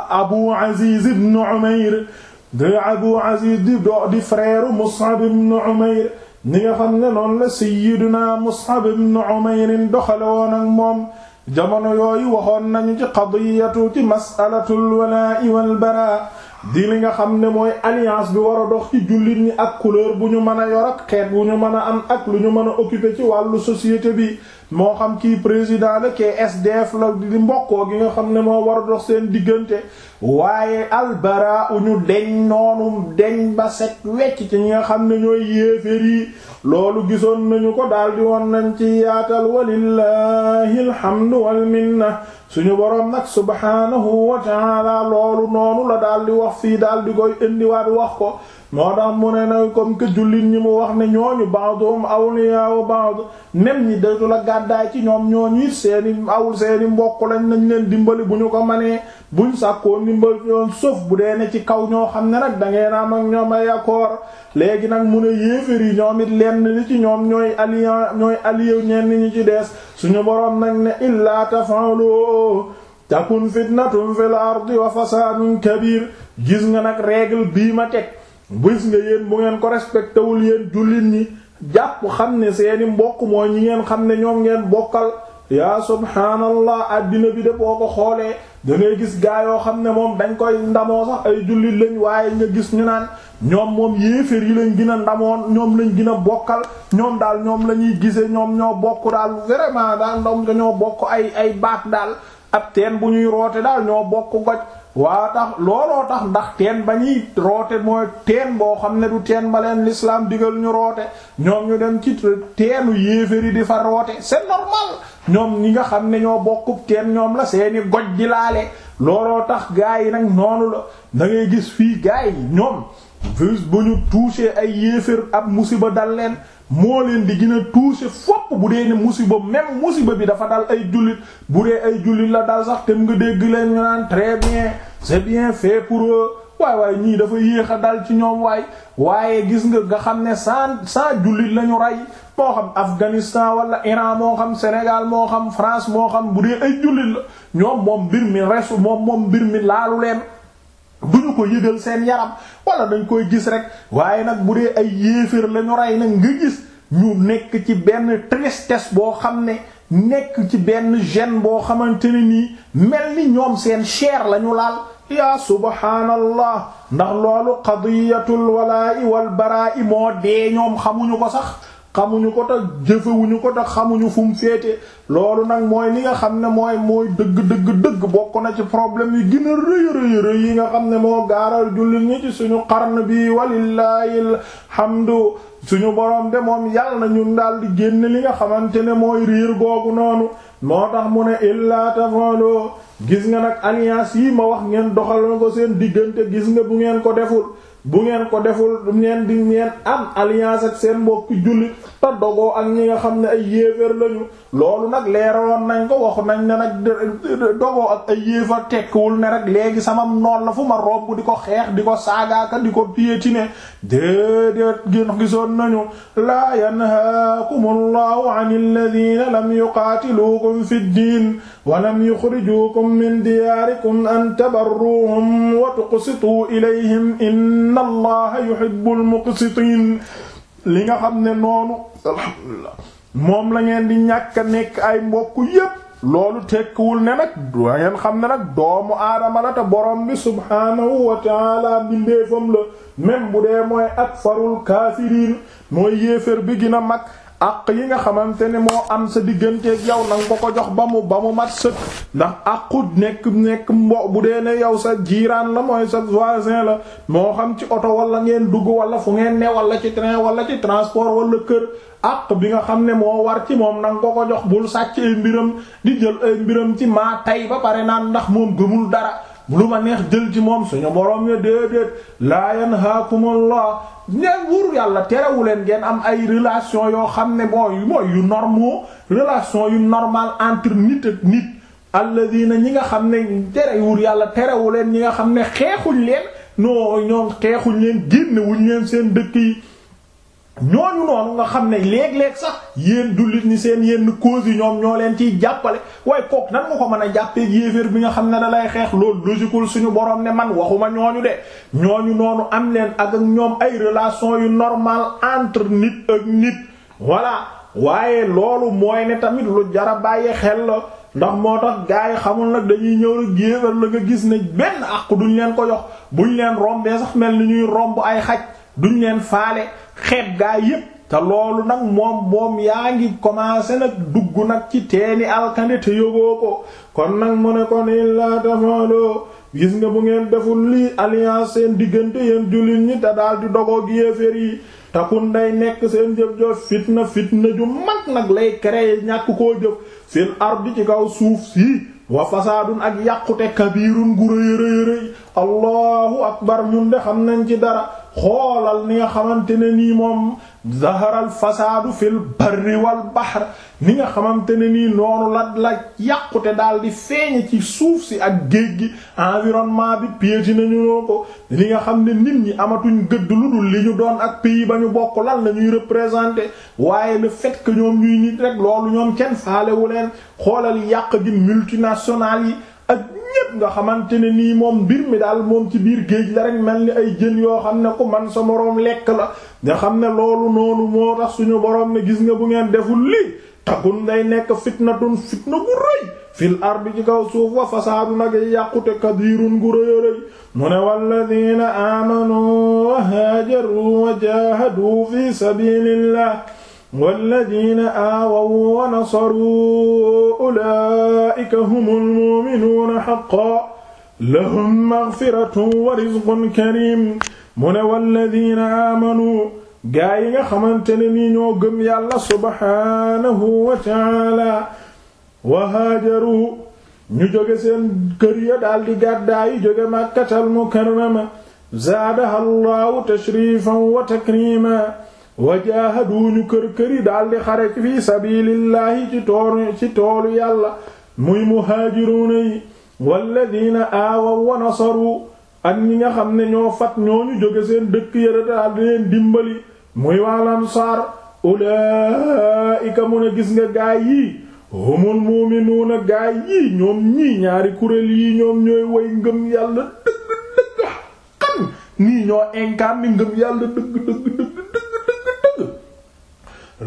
abu aziz ibn umayr di Abu Aziz di do di frère Mus'ab ibn Umayr ni nga xam ne noonu na Sayyiduna Mus'ab ibn Umayr doxale woon ak moom jamono yooyu waxoon nañu ci qadiyatu ti mas'alatul walaa'i wal baraa di li nga xam ne mooy alliance bi war a dox ci jullit ñi ak couleur bu ñu mën a yor ak xeet bu ñu mën a am ak lu ñu mën a occuper ci wàllu société bi moo xam kii président la kee SDF la di mbokkoo gi nga xam ne moo war a dox seen diggante waaye albara ñu deñ noonu deñ ba set wecc ci ñi nga xam ne ñooy yéeféer yi loolu gisoon nañu ko di woon nañ ci yaatal walillahi alhamdu wal minna suñu boroom nag subhaanahu wa ta'ala loolu noonu la daal di wax fii daal di koy indiwaat wax ko noo tax mu ne na comme jullit ñi mu wax ne ñooñu ba'dhum awliya'u ba'd même ñi datu la gàddaay ci ñoom ñooñu it seeni awul seeni mbokk lañ nañ leen dimbali bu ñu ko manee buñ sàkkoo ndimbal ñoom sauf bu dee ne ci kaw ñoo xam ne nag dangeen am ak ñoom ay accord léegi nag mu ne yéefér yi ñoom it lenn li ci ñoom ñooy alliance ñooy allié ñenn ñi ci des suñu boroom nag ne illaa tafaalu takun fitnatum fil ardi wa fasadun kabir gis nga nag règle bii ma teg gis nga yéen bu ngeen ko respecté wul yéen jullit ñi jàpp xam ne seeni mbokk mooy ñi ngeen xam ne ñoom ngeen bokkal yaa subhaanallah àddina bi de boo ko xoolee da gis gaa yoo xam ne moom dañ koy ndamoo sax ay jullit lañ waaye nga gis ñu naan ñoom moom yéeféer yi lañ gën a ndamoon ñoom lañ gën a bokkal ñoom daal ñoom la ñuy gisee ñoom ñoo bokk daal vraiment daal ndom ñoo bokk ay ay baat daal ab teen bu ñuy roote daal ñoo bokk goj waa tax looloo tax ndax teen ba ñuy roote mooy teen boo xam ne du teen ba leen lislaam digal ñu roote ñoom ñu dem ci teenu yéeféer yi di fa roote c'est normal ñoom ñi nga xam ne ñoo bokkub kenn ñoom la seeni goj di laale looloo tax gaa yi nag noonu la da ngay gis fii gaa yi ñoom virus bu ñu touché ay yéefér ab musiba dal leen moo leen di gën a touché fopp bu dee ne musiba même musiba bi dafa dal ay jullit bu dee ay jullit la dal sax tem nga dégg leen ñu naan très bien c'est bien fait pour eux ñii dafa yéex a dal ci ñoom waay waaye gis nga nga xam ne sans sans jullit la ñu rey moo xam Afghanistan wala Iran moo xam Sénégal moo xam France moo xam bu dee ay jullit la ñoom moom mbir mi resu moom moom mbir mi laalu leen du ñu ko yëgal seen yaram wala dañ koy gis rek waaye nag bu dee ay yéeféer lañu ñu rey nag nga gis ñu nekk ci benn tristesse boo xam ne nekk ci benn gêne boo xamante ne nii mel ni ñoom seen chair la ñu laal yaa subhaanallah ndax loolu qadiyatul walaa'i wal baraa'i moo dee ñoom xamuñu ko sax xamuñu ko te jëfewuñu ko te xamuñu fu mu féete loolu nag mooy li nga xam ne mooy mooy dëgg dëgg dëgg bokk na ci problème yi gën a yi nga xam ne moo gaaral jullit ñi ci suñu xarn bi walillahi alhamdu suñu borom de moom yàlla na ñun daal di génn li nga xamante ne mooy riir googu noonu moo tax mu ne illaa tafalo gis nga nag alliance yi ma wax ngeen doxal na ko seen diggante gis nga bu ngeen ko deful bu ngeen ko deful ngeen di ngeen am alliance ak seen mbokki jullit te dogoo ak ñi nga xam ne ay yéeféer lañu loolu nag leeraloon nañ ko wax nañ ne nag dogoo ak ay yéefar tekkiwul ne rek léegi sama noon la fu ma romb di ko xeex di ko saagaaka di ko piétiner déedéet gën gisoon nañu laa yanhaakumullahu anil ladina lam yuqaatiluukum fid diin wa lam yuxrijuukum min diyaarikum an tabarruuhum wa tuqsituu ilayhim inna allaha yuhibbul muqsitiin li nga xam ne noonu alhamdulilah moom la ngeen di ñàkk a nekk ay mbokk yépp loolu tekkiwul ne nag da ngeen xam ne nag doomu aadama la te borom bi subhaanahu wa mbindeefam la même bu dee mooy akfarul kaafiriin mooy yéefér bi gën a mag àq yi nga xamante ne moo am sa digganteeg yow nanga ko ko jox ba mu ba mu mat sëkk ndax àqu nekk nekk mbo bu dee ne yow sa jiiraan la mooy sa voisin la moo xam ci oto wala ngeen dugg wala fu ngeen ne wala ci train wala ci transport wala kër àq bi nga xam ne moo war ci moom nanga ko ko jox bul sàcc ay mbiram di jël ay mbiram ci maa tey ba pare naan ndax moom gëmul dara lu ma neex jël ci moom suñu borom ne déedéet laa yanhaakumullah neen wóor yàlla terewu leen ngeen am ay relation yoo xam ne mooy mooy yu normaux relation yu normal entre nit ak nit alladina ñi nga xam ne terewul yàlla terewu leen ñi nga xam ne xeexuñ leen non ñoom xeexuñ leen génnewuñ leen seen dëkk yi ñooñu noonu nga xam ne léeg-léeg sax yéen dullit ñi seen yenn cause yi ñoom ñoo leen ciy jàppale waaye kook nan nga ko mën a jàppee yéeféer bi nga xam ne da lay xeex loolu logiqueul suñu boroom ne man waxuma ñooñu de ñooñu noonu am leen ak ñoom ay relation yu normal entre nit ak nit voilà waaye loolu mooy ne tamit lu jara bàyyi xel la ndax moo tax gaa yi xamul nag dañuy ñëw rek yéeféer la nga gis ne benn àq duñu leen ko jox buñ leen rombee sax mel ni ñuy romb ay xaj duñ leen faale xeeb gaa yépp te loolu nag moom moom yaa ngi commencé nag dugg nag ci teeni alkande te yógoo ko kon nag mu ne kon illaa tafalo gis nga bu ngeen deful lii alliance seen diggante yéen jullit ñi te daal di dogoo gi yéeféer yi takun day nekk seen jëf jëf fitna fitna ju mag nag lay créer ñàkk koo jëf seen ardi ci kaw suuf si wa fasaadun ak yàqute kabirun gu rëy rëy allahu akbar ñun de xam nañ ci dara xoolal ni nga xamante ne nii moom zaharal fasaadu fil barri wal bahr ni nga xamante ne nii noonu la la yàqute daal di feeñe ci suuf si ak géej gi environnement bi piéti nañu noo ko li nga xam ne nit ñi amatuñ gëdd lu dul li ñu doon ak pays ba ñu bokk lan la ñuy représenter waaye le fait que ñoom ñuy nit rek loolu ñoom kenn faalewu leen xoolal yàq gi multinationales yi ak ñépp nga xamante ne nii moom mbir mi daal moom ci biir géej la rek mel ni ay jën yoo xam ne ku man sa moroom lekk la nga xam ne loolu noonu moo tax suñu boroom ne gis nga bu ngeen deful lii takun day nekk fitnatun fitna gu rëy fil ardi ci kaw suuf wa fasaadu nag yàqute kabiirun gu rëy rëy mu ne walladina amanu wa haajaru wa jaahadu fi sabilillah walladiina aawaw wa nasaruu ulaa'ika humul mu'minuuna haqqan lahum maghfiratun wa rizqun kariim mu ne walladiina aamanuu gaa yi nga xamante ne nii ñoo gëm yàlla subhaanahu wa ta'aala wa haajaruu ñu jóge seen kër ya daldi gàddaay jóge Makkatal mukarrama zaadaha Allahu tashriifan wa takriiman wajaahaduuñu kër yi daldi xare ci fi sabilillahi ci toolu ci toolu yàlla muy muhaajiruuna yi walladiina aawaw wa nasaru ak ñi nga xam ne ñoo fat ñoo ñu jóge seen dëkk yëre daldi leen dimbali muy waalan saar ulaa'ika mu ne gis nga gaay yii humul muuminuuna gaay yii ñoom ñii ñaari kuréel yii ñoom ñooy way ngëm yàlla yàlla dëgg dëgg dëgg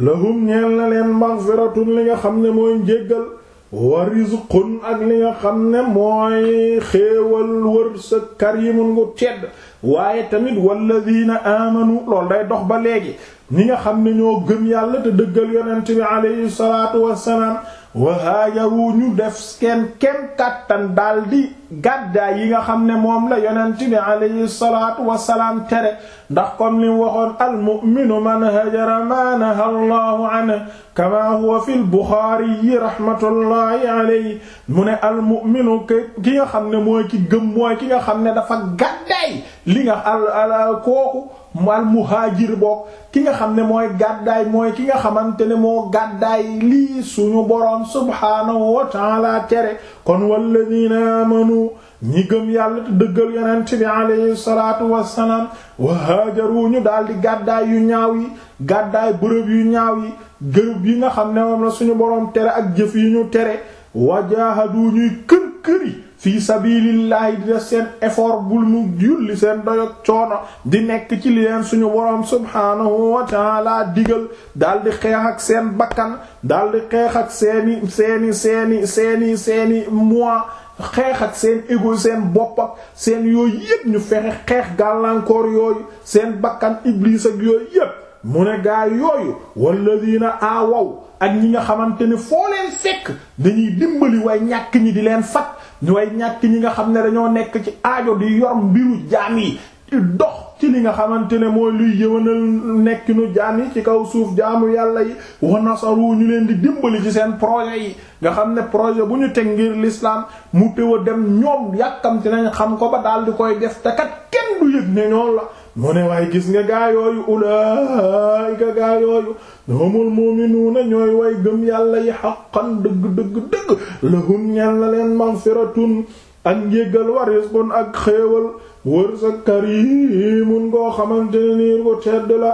lahum ñeel na leen maghfiratun li nga xam ne mooy njéggal wa rizqun ak li nga xam ne mooy xéewal wërsëg karimun ngu tedd waaye tamit walladina amanu loolu day dox ba léegi ñi nga xam ne ñoo gën yàlla te dëggal yonent bi alayhi salaatu wassalaam wa haajaru ñu def seen kem kàttan di gàddaay yi nga xam ne moom la yonent bi alayhi salaatu wassalaam tere ndax kon li mu waxoon almuminu man hajara ma naha allahu anhu kama huwa fi lbuxaariyi rahmatullahi alayhi mu ne almuminu ki nga xam ne mooy ki gëm mooy ki nga xam ne dafa gàddaay li nga al kooku al muhaajir boog ki nga xam ne mooy gàddaay mooy ki nga xamante ne moo gàddaay lii suñu boroom subhaanahu wa taala tere kon walladina amanu ñi gëm yàlla te dëggal yeneen bi alayhi salaatu wassalaam wa haajaru ñu daal di gàddaay yu ñaaw yi gàddaay bërëb yu ñaaw yi gërëb yi nga xam ne moom la suñu boroom tere ak jëf yu ñu tere wajaahadu ñuy kër këri fii sabilillahi di def seen effort bul mu yulli seen doyog coono di nekk ci li leen suñu boroom subhaanahu wa taala digal daal di xeex ak seen bakkan daal xeex ak seeni seeni seeni seeni seeni mois xeex ak seen égo seen bopp ak seen yooyu yépp ñu fexe xeex gàllankoor yooyu seen bakkan iblis ak yooyu yépp mu ne gaa yooyu walladina aawaw ak ñi nga xamante ni foo leen fekk dañuy dimbali way ñàkk ñi di leen fat ñu way ñàkk ñi nga xam ne dañoo nekk ci aajo di yor mbiru jaam yi di dox ci li nga xamante ne mooy luy yëwanal nekkinu jaam yi ci kaw suuf jaamu yàlla yi wa nasaru ñu leen di dimbali ci seen projet yi nga xam ne projet bu ñu teg ngir l'islam mu teew dem ñoom yàkkamti nañ xam ko ba daal di koy def te kat kenn du yëg ne ñoom la mu ne waaye gis nga gaa yooyu ulaayika gaa yooyu humul mu'minuuna ñooy way gëm yàlla yi haqqan dëgg dëgg dëgg lahum ñeel na leen maghfiratun ak njéggal wa rizqun ak xéewal wërsëg kariimun koo xamante ne niir bu tedd la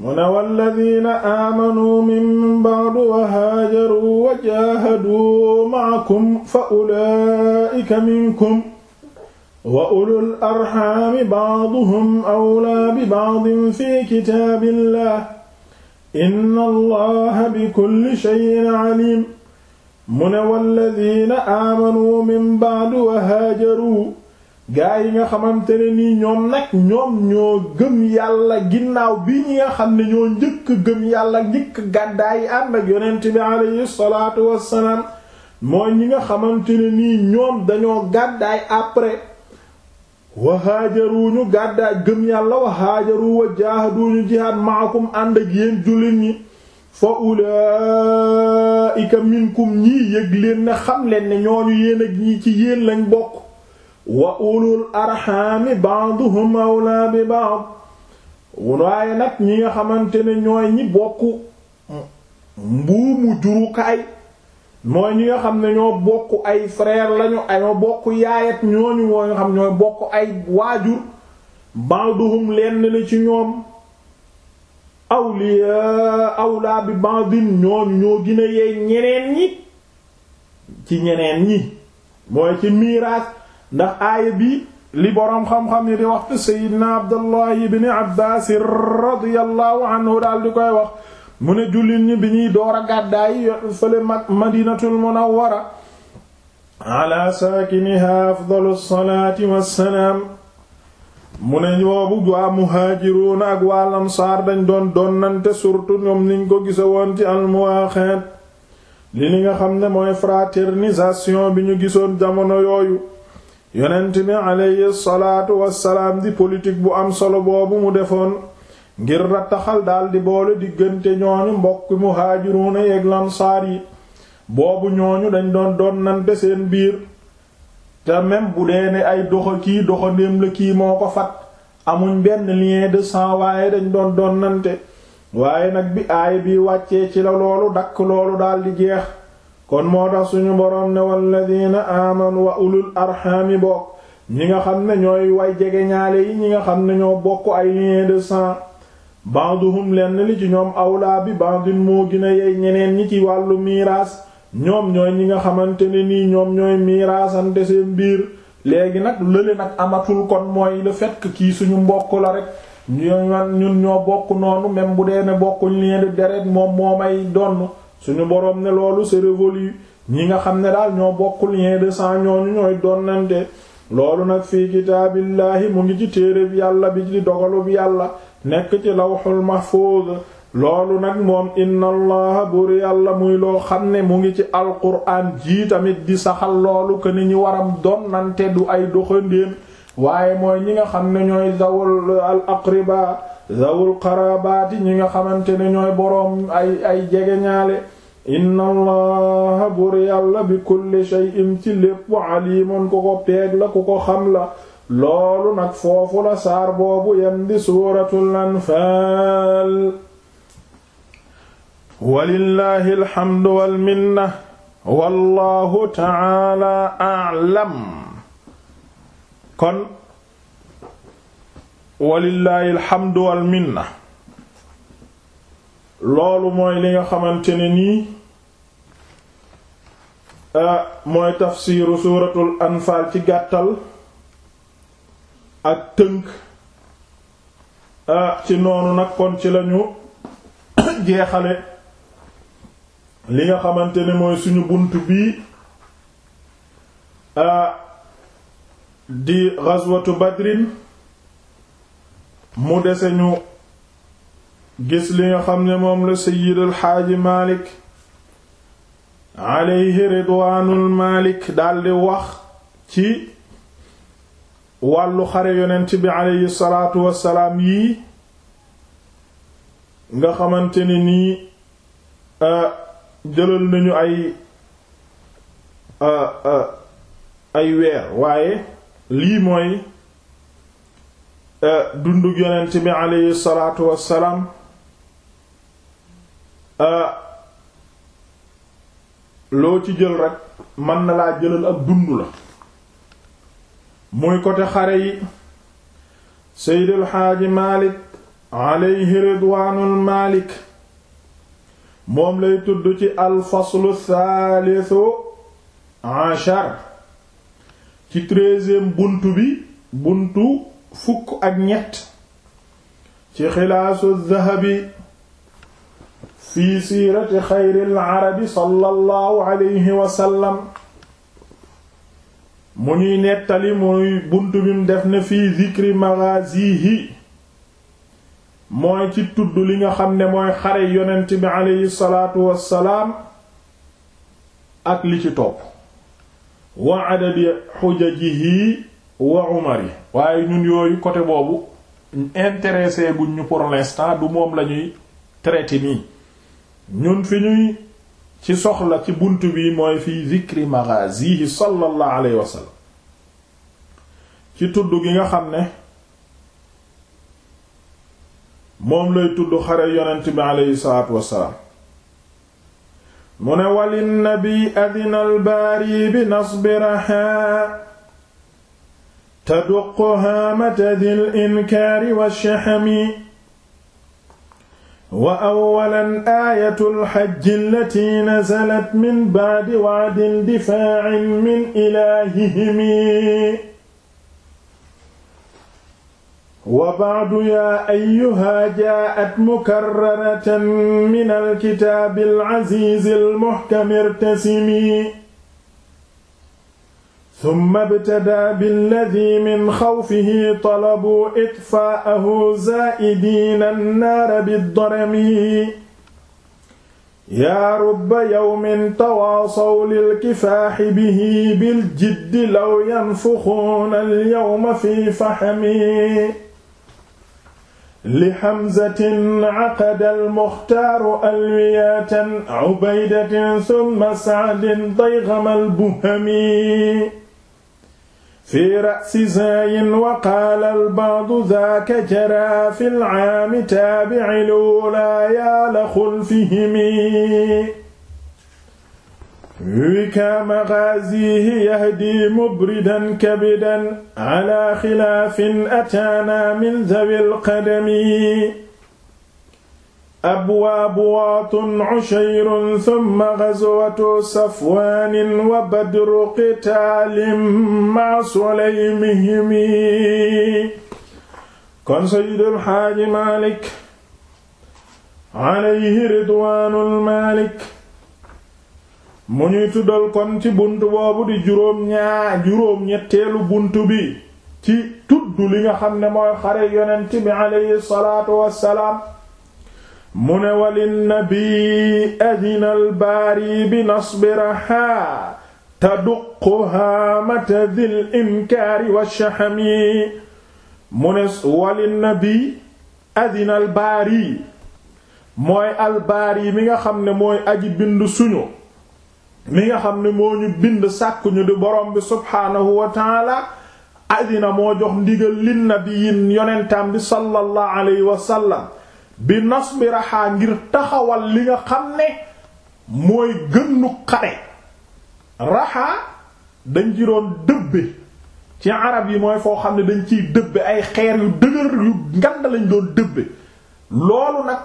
mu ne walladina aamanu min ba'du wa haajaru wa jaahadu ma'akum fa ulaa'ika minkum wa ulul arhaami ba'duhum awlaa bi ba'din fi kitaabillah inna allaha bi kulli shay'in aliim mu ne walladina aamanu min ba'du wa haajaru gaa yi nga xamante ne nii ñoom nag ñoom ñoo gëm yàlla ginnaaw bi ñi nga xam ne ñoo njëkk gëm yàlla njëkk gàddaay ànd ak yonent bi alayhi salaatu wassalaam mooy ñi nga xamante ne nii ñoom dañoo gàddaay après wa haajaru ñu gàddaay gëm yàlla wa haajaru wa jaahadu ñu jihaad maakum ànd ak yéen jullit ñi fa ulaa'ika minkum ñii yëg leen ne xam leen ne ñooñu yéen ak ñi ci yéen lañ bokk wa ulul arxaami ba'duhum awlaa bi ba'd waaye nag ñi nga xamante ne ñooy ñi bokk mbuumu jurukaay mooy ñi nga xam ne ñoo bokk ay frère lañu ñoo bokk yaay ak ñooñu moo xam ñooy bokk ay waajur ba'duhum lenn li ci ñoom awliya awlaa bi ba'din ñooñu ñoo gën a yeey ñeneen ñi ci ñeneen ñi mooy ci miraas ndax aaya bi li boroom xam-xam ni di wax te Seydina Abdullah ibn Abbaas radiyallahu daal di koy wax mu ne jullit ñi bi ñuy door a gàddaay fële Madinatul Munawwara ala saakiniha afdalu salaati wassalaam mu ne boobu waa muhaajiruuna ak waa ansaar dañ doon donnante surto ñoom liñ ko gisa woon ci almuwaaxeet li li nga xam ne mooy fraternisation bi ñu gisoon jamono yooyu yonent bi aleyhi salaatu wassalaam di politique bu am solo boobu mu defoon ngir rattaxal daldi boole diggante ñooñu mbokk muhaajiruuna yeeg lansaar yi boobu ñooñu dañ doon doon nante seen biir te même bu dee ne ay doxa kii doxandéem la kii moo ko fat amuñ benn lien de sang waaye dañ doon doon nante waaye nag bi aay bi wàccee ci la loolu dakk loolu daldi jeex kon moo tax suñu boroom ne walladina aamanu wa ulul arxaami bokk ñi nga xam ne ñooy way jege ñaale yi ñi nga xam ne ñoo bokk ay lien de sang ba'duhum lenn li ci ñoom awlaa bi ba'din moo gën a yey ñeneen ñi ci wàllu miiraas ñoom ñooy ñi nga xamante ne nii ñoom ñooy miiraasante seen biir léegi nag lële nag amatul kon mooy le fait kii suñu mbokk la rek ñun ñoo bokk noonu même bu dee ne bokkuñ lien de deret moom moo may donn suñu boroom ne loolu c'est révolu ñi nga xam ne daal ñoo bokkul lien de sang ñooñu ñooy donnante loolu nag fii kitaabillaahi mu ngi ci téereb yàlla bi di dogalub yàlla nekk ci lawxul mahfuuz loolu nag moom inna allaha buur yàlla muy loo xam ne mu ngi ci alquraan jii tamit di saxal loolu que ni ñu waram donnante du ay doxandéem waaye mooy ñi nga xam ne ñooy zawul al aqriba zawul qarabaati ñi nga xamante ne ñooy borom ay ay jegeñaale inna allaha bur yàlla bi kulli shay'in ci lépp alimun ku ko peeg la ku ko xam la loolu nag foofu saar boobu yem di suuratul anfaal walillahi alhamdu walminna wallahu ta'ala a'lam kon walillahi alhamdu wal minna loolu mooy li nga xamante ne nii mooy tafsiiru suuratul anfaal ci gàttal ak tënk ci noonu nag ci lañu jeexale li nga xamante ne mooy suñu bunt bii di ghazwatu badrin mu dese ñu gis li nga xam ne moom la Seyyidul Xaaji malik aleyhi ridwaanul Maalik daldi wax ci wàllu xare yonent bi aleyhi salaatu wassalaam yii nga xamante ne nii euh, jëlal nañu ay euh, euh, ay weer waaye lii mooy Eh, dundug yonent bi aleyhi salaatu wassalaam eh, loo ci jël rekk mën na laa jëlal ak dund la muy côté xare yi seydil xaaji maalik aleyhi ridwaanul maalik moom lay tudd ci alfaslu thaalithu achar ci treizième buntu bi buntu fukk ak ñett ci xilaasu dahabi fi siirati xayril arabi sallallahu alayhi wa mu ñuy nettali muy bunt bim def na fii zikri maghazihi mooy ci tudd li nga xam ne mooy xare yonent bi aleyhi salaatu wassalaam ak li ci topp wa adadi xujajihi wa umar yi waaye ñun yooyu côté boobu intéressé guñ ñu pour du moom la ñuy traité nii ñun fi ñuy ci soxla ci bunt bi mooy fi zikri maghazihi sallallahu alayhi wa ci tudd gi nga xam ne moom lay tudd xare yonent bi aleyhi salaatu wassalaam mu ne walin nabi adina albaari bi nasbiraha taduq haamata dil inkaari wa shahami wa awwalan aayatul hajji allati nazalat min ba'di wa'din difaa'in min ilaahihimi wa ba'du yaa ayyuhaa jaa'at mukarraratan minal kitaabil aziizil muhkam irtasimi summa btadaa billadi min xawfihi talabuu itfaahu zaa'idiina nnaara biddarami yaa rubba yawmin tawaasaw lilkifaaxi bihi biljiddi law yanfuxuuna alyawma fii faxami lihamzatin caqada almuxtaaru alwiyaatan cubaydatin summa sacdin dayqama albuhami fi ra'si zaayin wa qaala al-ba'du zaaka jaraa fi al-'aami taabi'i al-'ulaayaa la xulfihimi wika maghaazihi yahdi mubridan kabidan 'alaa khilaafin ataanaa min dhawil qadami abwaabu waatun ushayrun thumma ghazwatu safwaanin wa badru qitaalin ma'a sulaymihim kon sayyidul xaaji Maalik alayhi ridwaanul Maalik mu ñuy tuddal kon ci bunt boobu di juróom ñaar juróom ñetteelu bunt bi ci tudd li nga xam ne mooy xare yonent bi alayhi salaatu wassalaam mu ne walinnabii adina albaari bi nasbiraha taduquha mata dil inkaari washahami mu ne walinnabii adina albaari mooy albaari mi nga xam ne mooy aji bind suñu mi nga xam ne moo ñu bind sàkkuñu di borom bi subhaanahu wa taala adina moo jox ndigal linnabiyin yonentam bi sallallahu alayhi wa bi nasbi raxaa ngir taxawal li nga xam ne mooy gënnu xare raxaa dañ ci doon dëbbe ci arab yi mooy foo xam ne dañ ciy dëbbe ay xeer yu dëgër yu ngand lañ doon dëbbe loolu nag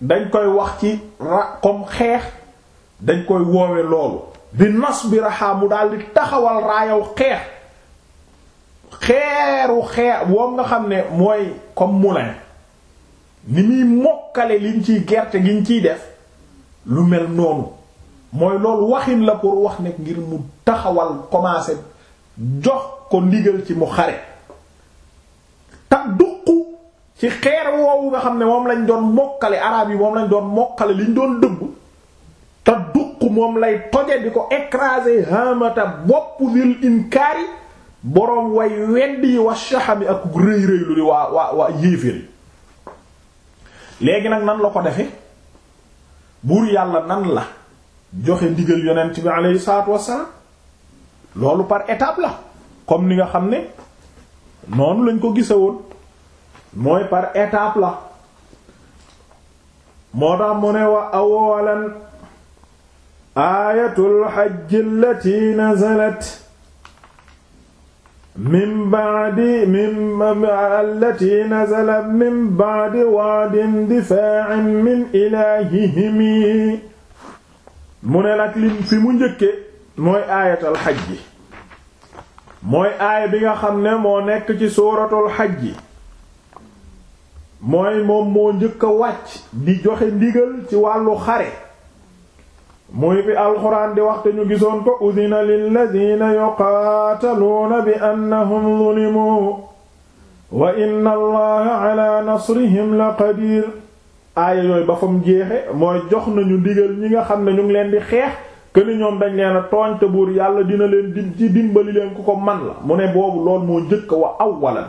dañ koy wax ci ra comme xeex dañ koy woowe loolu bi nasbi raxaa mu daal di taxawal raayaw xeex xeeru xeer woom nga xam ne mooy comme moulin ni muy mokkale liñ ci gerte giñ ciy def lu mel noonu mooy loolu waxin la pour wax ne ngir mu taxawal commencé jox ko ndigal ci mu xare ta duq ci xeer woowu nga xam ne moom lañ doon mokkale arab yi moom lañ doon mokkale liñ doon dëgg te duq moom lay toje di ko écraser hamata bopp dil inkaari boroom way weddi yi wa shahami ak rëy rëy lu di waa waa waa léegi nag nan la ko defe buur yàlla nan la joxe ndigal yonent bi aleyhi salaatu wassalaam loolu par étape la comme ni nga xam ne noonu lañ ko gise woon mooy par étape la moo tax mu ne wa awalan aayatul hajj allati nazalat min ba'di min allati nazalat min ba'di wa'din difaa'in min ilaahihim mu ne nag fi mu njëkke mooy aayatal xaj ji mooy aaya bi nga xam ne moo nekk ci suuratul xaj ji mooy moom moo njëkk a wàcc di joxe ndigal ci wàllu xare muy bi alxuraan di wax te ñu gisoon ko udina lilladina yuqaataluuna bi annahum zulimu wa inna allaha ala nasrihim la qadir aaya yooyu ba fam jeexe mooy jox nañu ndigal ñi nga xam ne ñu ngi leen di xeex këni ñoom dañ leen a tooñ buur yàlla dina leen di ci dimbali leen ku ko man la mu ne boobu lool moo jëkk wa awalan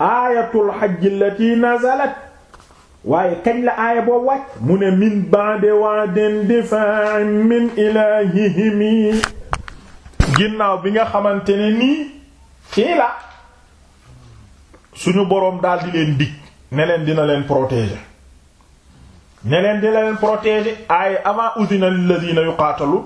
aayatul hajj allati nazalat waaye kañ la aaya boobu wàcc mu ne min ba'di wa'din difa'in min ilahihimi ginnaaw bi nga xamante ne nii ci la suñu boroom daal di leen dig ne dina leen protéger ne leen dina leen protéger aaya avant udina lilladina yuqaatalu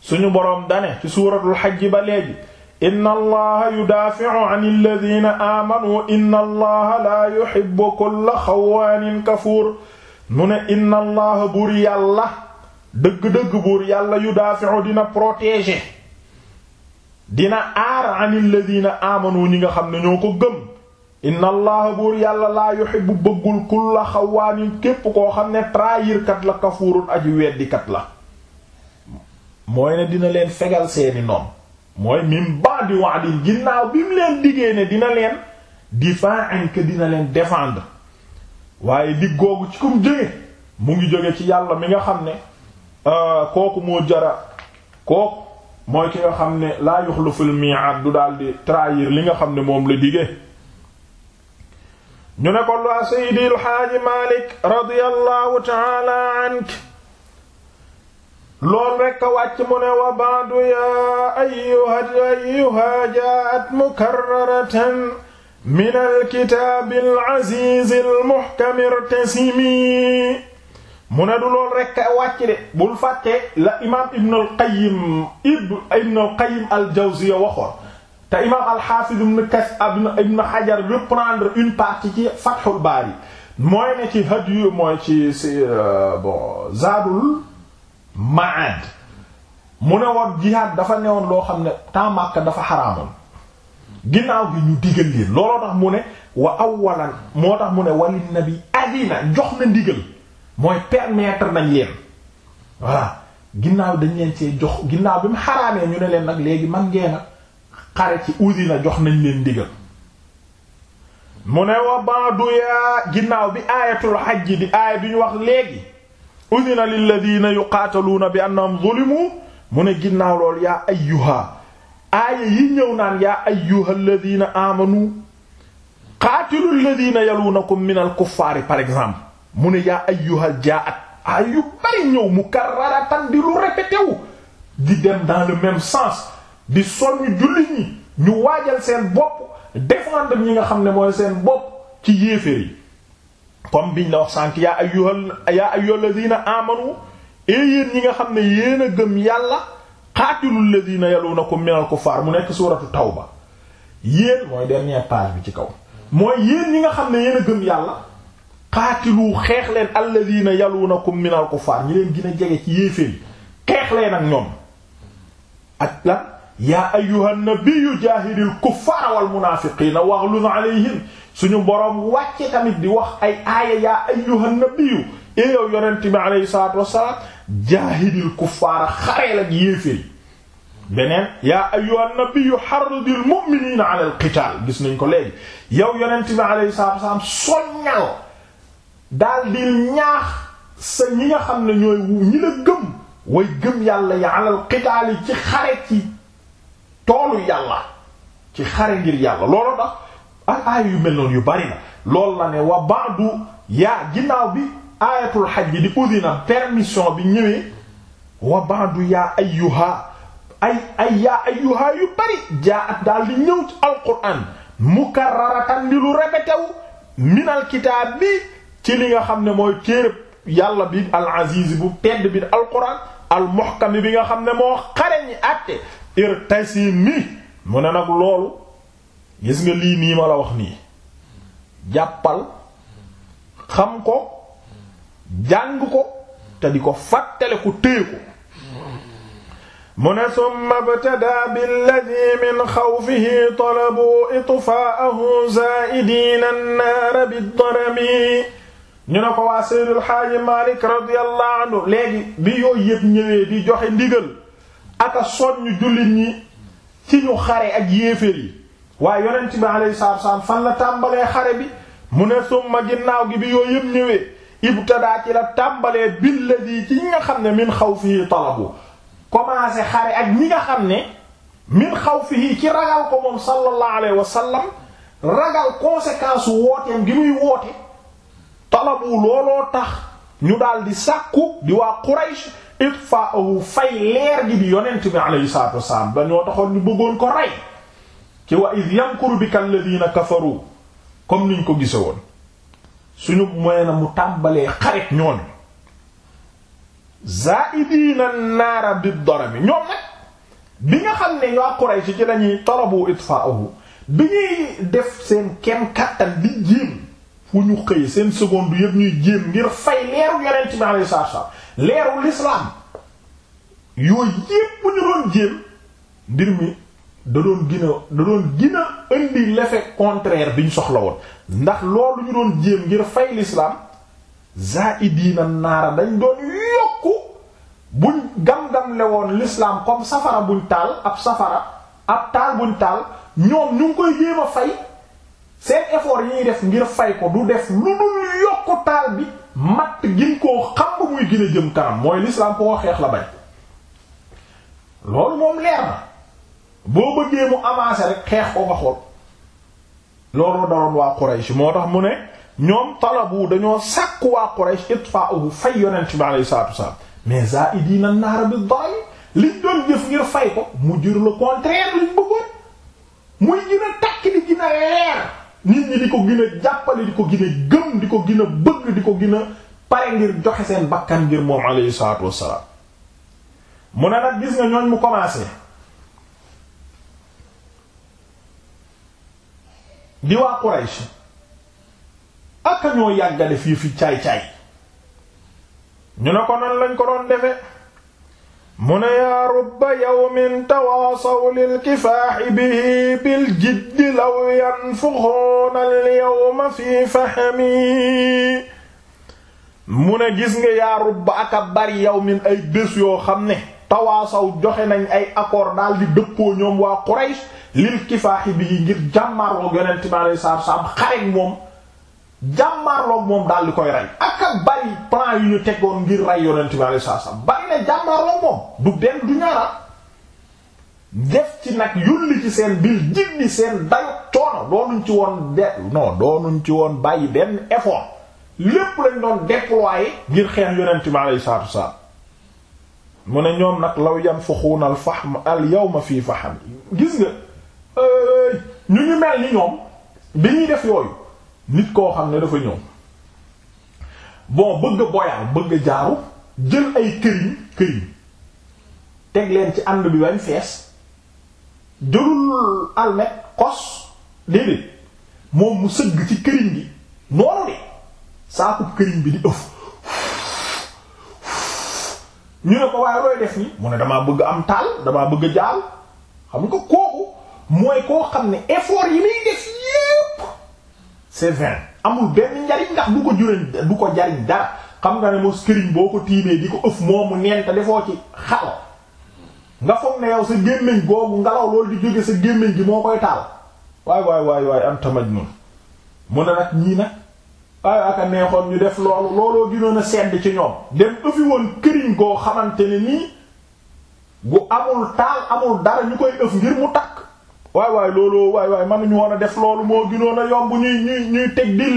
suñu boroom dane ci suuratul xajj ba léegi inna allaha yudaafi'u anil ladina aamanu inna allaha laa yuhibbu xawaanin kafuur mu ne inna allaha buur yàlla dëgg-dëgg buur yàlla yudaafi'u dina protéger dina aar anil ladina aamanu ñi nga xam ne ñoo ko gëm inna allaha buur yàlla laa yuhibbu bëggul kulla xawaanin képp koo xam ne trahir la kafuurun aji weddikat la mooy ne dina leen fegal seeni noon mooy min ba'di wa'din ginnaaw bi mu leen diggee ne dina leen difa'an que dina leen défendre waaye dig googu ci kum jóge mu ngi jóge ci yàlla mi nga xam ne euh, kooku moo jara kooku mooy ki nga xam ne laa yuxluful mi'ad du daal di trahir li nga xam ne moom la diggee ñu ne ko la Sayyidil Haaji Maalik radiyallahu ta'ala anhu lool rekk a wàcc mu ne wa baadu yaa ayyuha ayyuha jaat mukarraratan min alkitaabi alazizi almuhkami irtasimi mu ne du lool rekk a wàcc de bul fàtte la imaam ibn alqayim ibn alqayim aljawziya waxoon te imaam alxaafiz ibn kas ibn xajar reprendre une partie ci fathul baari mooy ne ci hadiyu mooy ci euh, bon zaadul maad mu ne woon jihaad dafa newoon loo xam ne temps dafa xaraamoon ginnaaw gi ñu digal leen looloo tax mu ne wa awalan moo tax mu ne walin bi adina jox na ndigal mooy permettre nañ leen voilà ginnaaw dañ leen cee jox ginnaaw bi mu xaraamee ñu ne leen nag léegi man ngeen a xare ci udina jox nañ leen ndigal mu ne wa ba'du yaa ginnaaw bi aayatul hajj di aaya bi ñu wax léegi udina lilladina yuqaataluuna bi annahum zulimu mu ne ginnaaw lool yaa ayyuha aaya yi ñëw naan yaa ayyuha alladina amanu qaatilu alladina yaluunakum min alkuffaari par exemple mu ne yaa ay yu bari ñëw mukarraratan di lu répété wu même sens di soññ ñi ñu waajal seen bopp défendre ñi nga xam ne mooy seen bopp ci yéeféer comme biñ la wax sànk yaa ayyuhal yaa ayyuhal ladina amanu e yéen ñi nga xam ne yéen a gëm yàlla qaatilul ladina yalunakum minal kuffar mu nekk taw ba yéen mooy dernière page bi ci kaw mooy yéen ñi nga xam ne yéen a gëm yàlla qaatilu xeex leen alladina yalunakum minal kuffar ñi leen gën a jege ci yéeféer yi xeex leen ak ñoom ak la yaa ayyuhan nabiyyu jaahidil kuffaara wal munaafiqiina waghluz alayhim suñu boroom wàcce tamit di wax ay aaya yaa ayyuhan nabiyyu ee yow yonent bi alayhi salaatu wassalaam jaahidil kuffaara xareel ak yéeféer beneen yaa ayyuhan nabiyyu harridil mu'miniina alal qitaal gis nañ ko léegi yow yonent bi alayhi salaatu wassalaam soññal daal di ñaax sa ñi nga xam ne ñooy ñi la gëm way gëm yàlla yi alal qitaal yi ci xare ci toolu yàlla ci xare ngir yàlla loolu tax ak aaya yu mel noonu yu bari na loolu la ne wa ba'du yaa ginnaaw bi aayatul xaj bi di udina permission bi ñëwee wa ba'du yaa ayyuha ay ay yaa ayyuha yu bari jaa daal di ñëw ci alquran mukarraratan di lu minal kitaab bi ci li nga xam ne mooy téereb yàlla bi al aziz bu pedd bi alquran al muhkam bi nga xam ne moo xareñ ñi àtte irtasimi mu ne nag loolu gis nga lii nii ma la wax nii jàppal xam ko jàng ko te di ko fàttale ko téye ko mu ne summa btada billadi min xawfihi talabu itfaahu zaaidiina annaara biddarami ñu ne ko waa Seydil Xaaji Malik radiyallahu anhu bi yooyu yëpp ñëwee di joxe ndigal aka soññ jullit ñi ci ñu xare ak yéeféer yi waaye yonent bi alayhi salaatu wassalaam fan la tàmbalee xare bi mu ne summa ginnaaw gi bi yooyu yëpp ñëwee ibtadaa ci la tàmbalee billadi ci ñi nga xam ne min xawfihi talabu commencé xare ak ñi nga xam ne min xawfihi ci ragal ko moom sallallahu alayhi wa sallam ragal conséquence wooteem gi muy woote talabu looloo tax ñu daal di sàkku di waa Quraysh itfa'u fay leer gi bi yonent bi alayhi salaatu wassalaam dañoo taxoon ñu bëggoon ko rey ci wa iz yamkuru bika alladhina kafaru comme niñ ko gise woon suñu moy na mu tàmbalee xarit ñoon zaidina naara bi darami ñoom nag bi nga xam ne ñoo Quraysh ci lañuy torobu itfa'uhu bi ñuy def seen kem kattan di jéem fu ñu xëy seen seconde yëpp ñuy jéem ngir fay leeru yonent ci alayhi salaatu salaam leeru l'islam yooyu yëpp ñu doon jéem mbir mi da doon gën a da doon gën indi l'effet contraire bi soxla woon ndax loolu ñu doon jéem ngir fay l'islam zaidiina naara dañ doon yokku buñ gam-gam woon l'islam comme safara buñ taal ab safara ab taal buñ taal ñoom ñu ngi koy jéem a fay seen effort yi ñuy def ngir fay ko du def lu dul yokku taal bi matt gin koo xam ba muy gën a jëm kanam mooy l'islam ko xeex la bañ loolu moom leer na boo bëggee mu avancer rek xeex ko nga xool loolu daroon waa Quraysh moo tax mu ne ñoom talabu dañoo sàkk waa fa itfa'uhu fay yonent bi alayhi salaatu wasalaam mais sa an-naar bid-daal liñ doon jëf ngir fay ko mu jur le contraire liñ bëggoon muy gën a takk di gën a nit ñi di ko gën a jàppale di ko gën a gëm di ko gën a bëgg di ko gën a pare ngir joxe seen bakkan ngir moom alayhi salaatu wasalaam mu ne nag gis nga ñooñ mu commencé di waa Quraysh ak ñoo yàgg a def yi fi caay caay ñu ne ko nan lañ ko doon defe mu ne yaa rubba yawmin tawaasaw lil kifaaxi bihi bil jiddi law yanfuxoona al yawma fi fahmi mu ne gis nga yaa rubba ak a bari yawmin ay bés yoo xam ne tawaasaw joxe nañ ay accord daal di dëppoo ñoom waa Quraysh lil kifaaxi bi yi ngir jàmmarloog yonent bi saatu salaam xarek moom jàmmarloog moom daal koy rey ak ak bari plan yu ñu tegoon ngir rey yonent bi alei saatu salaam bari ne jàmmarloog moom du benn du ñaara ah. def ci nag yulli ci seen bil jinni seen dayu coono doonuñ ci woon ci woon bàyyi benn effort lépp lañ doon déployer ngir xeen yonent bi alei saatu salaam mu ne ñoom nag law yan faxuuna al al yawma fii faham gis nga Euh, ñu ñu mel ni ñoom bi ñuy def yooyu nit koo xam ne dafa ñëw bon bëgg a boyaal bëgg jaaru jël ay këriñ këriñ teg leen ci ànd bi bañ fees jëlul almet kos déedéet moom mu sëgg ci këriñ gi noonu de saakub këriñ bi di ëf ñu ne ko waaye looy def ni mu ne damaa bëgg am taal damaa bëgg a jaal xam nga kooku mooy koo xam ne effort yi muy def yépp c'est amul benn njariñ ndax bu ko juriñ bu ko jariñ dara xam nga ne mos këriñ boo ko tiimee di ko ëf moomu neen te defoo ci xalo nga foog ne yow sa gémmiñ googu ngelaw loolu di jóge sa gémmiñ gi moo koy taal waay waay waay waay am tamaj noonu mu ne nag ñii nag waaye aka neexoon ñu def loolu looloo ginoon a sedd ci ñoom dem ëfi woon këriñ goo xamante ne nii gu amul taal amul dara ñu koy ëf ngir mu takk waay waay loolu waay waay mënuñu woon a def loolu moo gënoon a yomb ñuy ñuy teg dil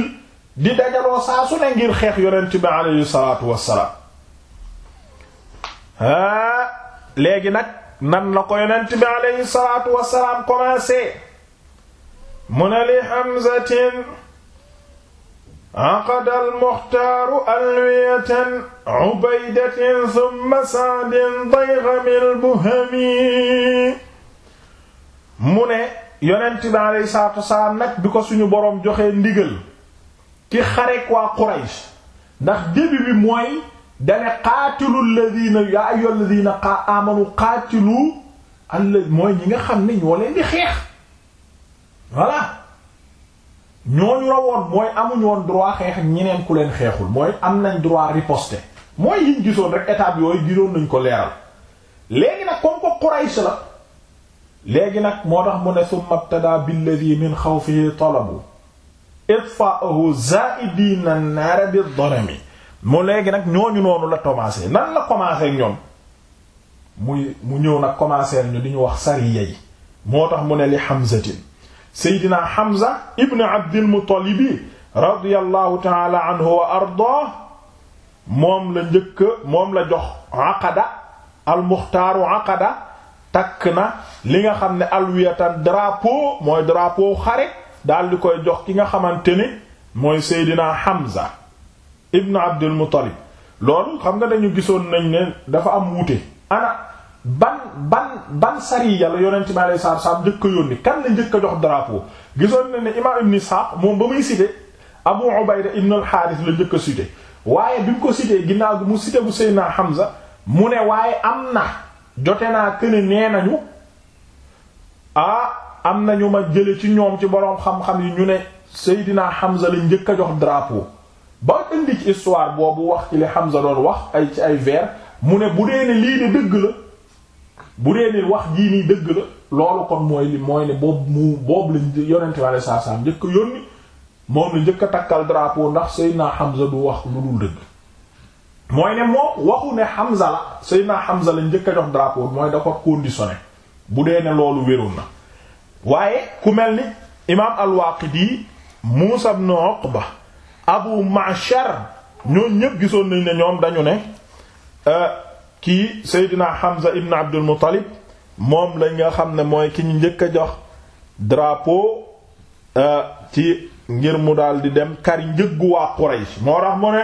di dajaloo saa su ne ngir xeex yonent bi alayhi salaatu wassalaam ah léegi nag nan la ko yonent bi alayhi salaatu wassalaam commencé mu ne li hamzatin aqada almuxtaaru alwiyatan ubaydatin thumma sa'din daygham albuhami mu ne yonent bi alayhi salaatu wasalaam nag bi ko suñu boroom joxee ndigal ci xareek waa Quraysh ndax début bi mooy dane qaatilu alladhina yaa ayyuha alladhina amanu qaatilu alla mooy ñi nga xam ne ñoo leen di xeex voilà ñooñu rawoon mooy amuñu woon droit xeex ñi ñeneen ku leen xeexul mooy am nañ droit riposter mooy yiñ gisoon rek étape yooyu gisoon nañ ko leeral léegi nag comme ko Quraysh la léegi nag moo tax mu ne summa btada billadi min xawfihi talabu itfaahu zaidina naara bi darami mu léegi nag ñooñu noonu la commencé nan la commencé ak ñoom mu ñëw nag commencé ñu li ñu wax sariya yi moo tax mu ne li Hamzatin Seydina Hamza ibn Abdil Muttalibi radiyallahu taala anhu wa ardaah moom la njëkk moom la jox aqada al muxtaaru aqada takk na li nga xam ne alwiyatan drapeau mooy drapeau xare daal di koy jox ki nga xamante ne mooy Seydina Hamza ibn Abdul Muttalib loolu xam nga dañu gisoon nañ ne dafa am wuute ana ban ban ban la yàlla yonent bi alayhi salaatu salaam njëkk a yónni kan la njëkk a jox drapeau gisoon nañ ne imaam Ibn Ishaq moom ba muy cité Abu Ubayda ibn al-Harith la njëkk a waaye bi mu ko cité ginnaaw bi mu cité bu Seydina Hamza mu ne waaye am na jote naa këne nee nañu ah am na ñu ma jële ci ñoom ci boroom xam-xam yi ñu ne Seydina Hamza lañ njëkk a jox drapeau ba indi ci histoire boobu wax ci li Hamza doon wax ay ci ay vers mu ne bu dee ne lii de dëgg la bu dee ne wax jii nii dëgg la loolu kon mooy li mooy ne boobu mu boobu lañ yonente wale saasam njëkk yónni moom la njëkk a takkal drapeau ndax Seydina Hamza du wax lu dul dëgg mooy ne moom waxu ne Hamza la Seydina Hamza lañ njëkk a jox drapeau mooy da ko conditionné bu dee ne loolu wérul na waaye ku mel ni imaam al-Waaqidi Muusa ibn Uqba Abu Ma'shar ñoo ñëpp gisoon nañ ne ñoom dañu ne euh, kii Seydina Hamza ibn Abdul Muttalib moom lañ nga xam ne mooy ki ñu njëkk a jox drapeau euh, ci ngir mu daal di dem kari njëggu waa Quraysh moo tax mu ne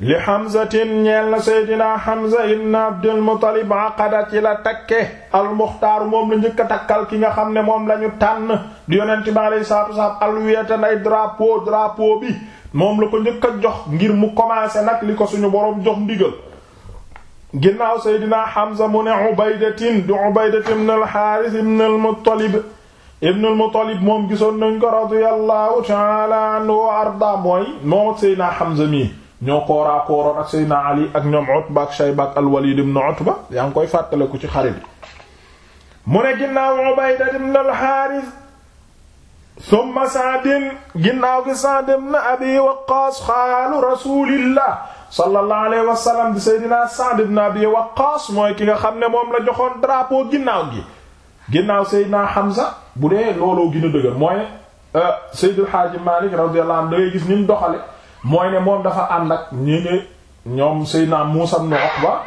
li Hamzatin ñeel na Seydina Hamza ibn Abdul Muttalib aqada ci la takke almuxtaar moom la njëkk a takkal ki nga xam ne moom la tànn di yonent bi alayhi salaatu wasalaam ay drapeau drapeau bi moom la ko jëkk a jox ngir mu commencé nag li ko suñu boroom jox ndigal ginnaaw Seydina Hamza mu ne Ubaydatin du Ubaydatin ibn al-Haaris ibn al-Muttalib ibn al-Muttalib moom gisoon nañ ko radiyallahu ta'ala anhu wa arda mooy moom ak Seydina Hamza ñoo kooraa kooroon ak Seydina Ali ak ñoom Utba ak Shayba ak al yaa ngi koy fàttaleku ci xare bi mu ne ginnaaw Ubayda ibn al-Harith thumma Sa'd ginnaaw gi Sa'd ibn Abi Waqqas xaalu Rasulillah sallallahu wa sallam mooy ki nga xam ne moom la joxoon drapeau ginnaaw gi ginnaaw Seydina Hamza bu dee looloo gën a dëgër mooy euh, Seydil Haaji Malik radiyallahu anhu gis ni mu doxale mooy ne moom dafa ànd ak ñi ne ñoom Seydina Muusa ba Uqba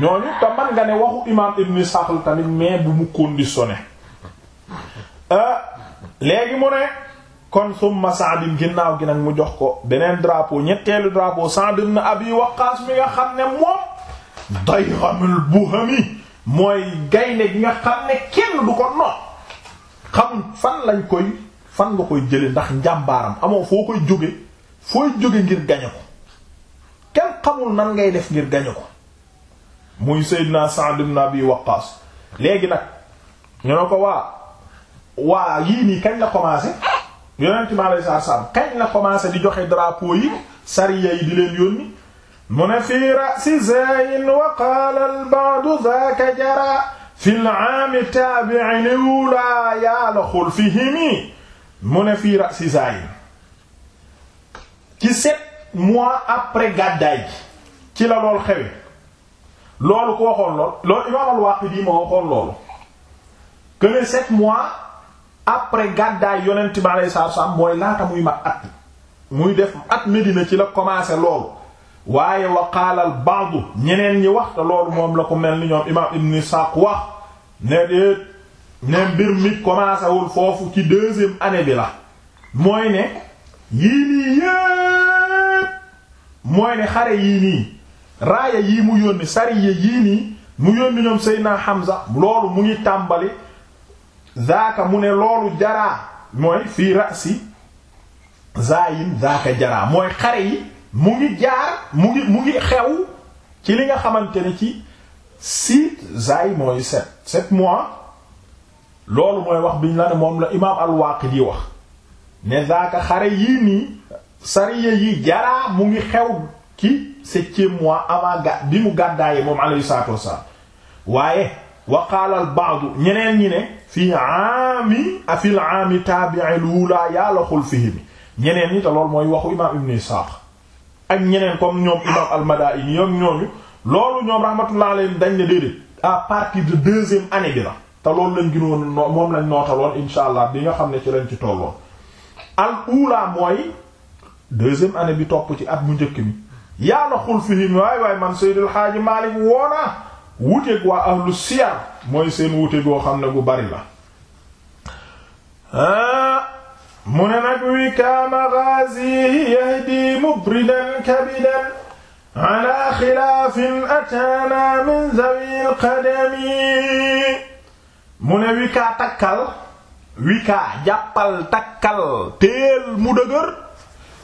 ñooñu te man nga ne waxu imaam Ibn Ishaq tamit mais bu mu conditionné euh, léegi mu ne kon summa Sa'd ginnaaw gi nag mu jox ko beneen drapeau ñetteelu drapeau Sa'd ibn Abi Waqqas mi nga xam ne moom Dayhamul Buhami mooy gaynde gi nga xam ne kenn du ko noon xamul fan lañ koy fan nga koy jële ndax njàmbaaram amoo foo koy jóge fooy jóge ngir gañe ko kenn xamul nan ngay def ngir gañe ko muy Seydina Sa'd ibn Abi Waqqas léegi nag ñu ko waa waa yii nii kañ la commencé yonent ma lay saar saam kañ la commencé di joxe drapeau yi sariya yi di leen yónni mu ne fii ra'si zayin wa qaala al ba'du zaaka jara fi l aami tabi'in ula ya'la khulfihimi mu ne fii ra'si zayin ci sept mois après gàddaay gi ci la lool xewi loolu ko waxoon lool loolu imaam al-Waaqidi moo waxoon loolu que ne mois après gàddaay yonent bi alayhi salaatu salaam mooy laata muy mag at muy def at Medina ci la commencé loolu waaye wa qaala al ñeneen ñi wax te loolu moom la ko mel ni ñoom imaam Ibn Isaaq wax ne déet ne mbir mi commencé wul foofu ci deuxième année bi la mooy ne. yii nii yépp mooy ne xare yii nii raaya yii mu yónni sariya yii nii mu yónni ñoom Seydina Hamza loolu mu ngi tàmbali zaaka mu ne loolu jaraa mooy fii rasi zayin zaaka jaraa mooy xare yi mu ngi jaar mu ngi mu ngi xew ci li nga xamante ni ci siit zay mooy sept sept mois loolu mooy wax biñ la ne moom la imaam al-Waaqidi wax ne zaaka xare yii nii sariya yi jaraa mu ngi xew ci septième mois avant ga bi mu gàddaayee moom alayhi salaatu wassalaam waaye wa qaala al ba'du ñeneen ñi ne fii aami afil aami taabi'il wula yàlla xul fihimi ñeneen ñi te loolu mooy waxu imaam ibn Isaaq ak ñeneen comme ñoom imaam al-Madaa'ini ñoom ñooñu loolu ñoom rahmatullah alayhim dañ ne déedéet à partir de deuxième année bi la te loolu lañ gënoon moom lañ nootaloon insha allah bi nga xam ne ci lañ ci tolloon al ula mooy deuxième année bi topp ci at mu njëkk mi yàlla xul fihim waay waay man Seydil woona wuteeg waa ahlu siyar mooy seen wute goo xam ne gu bari la ah, mu wi ka maghazihi yahdi mubridan kabidan ala xilaafin ataana min zawil qadami mu wi ka takkal wikaa jàppal takkal teel mu dëgër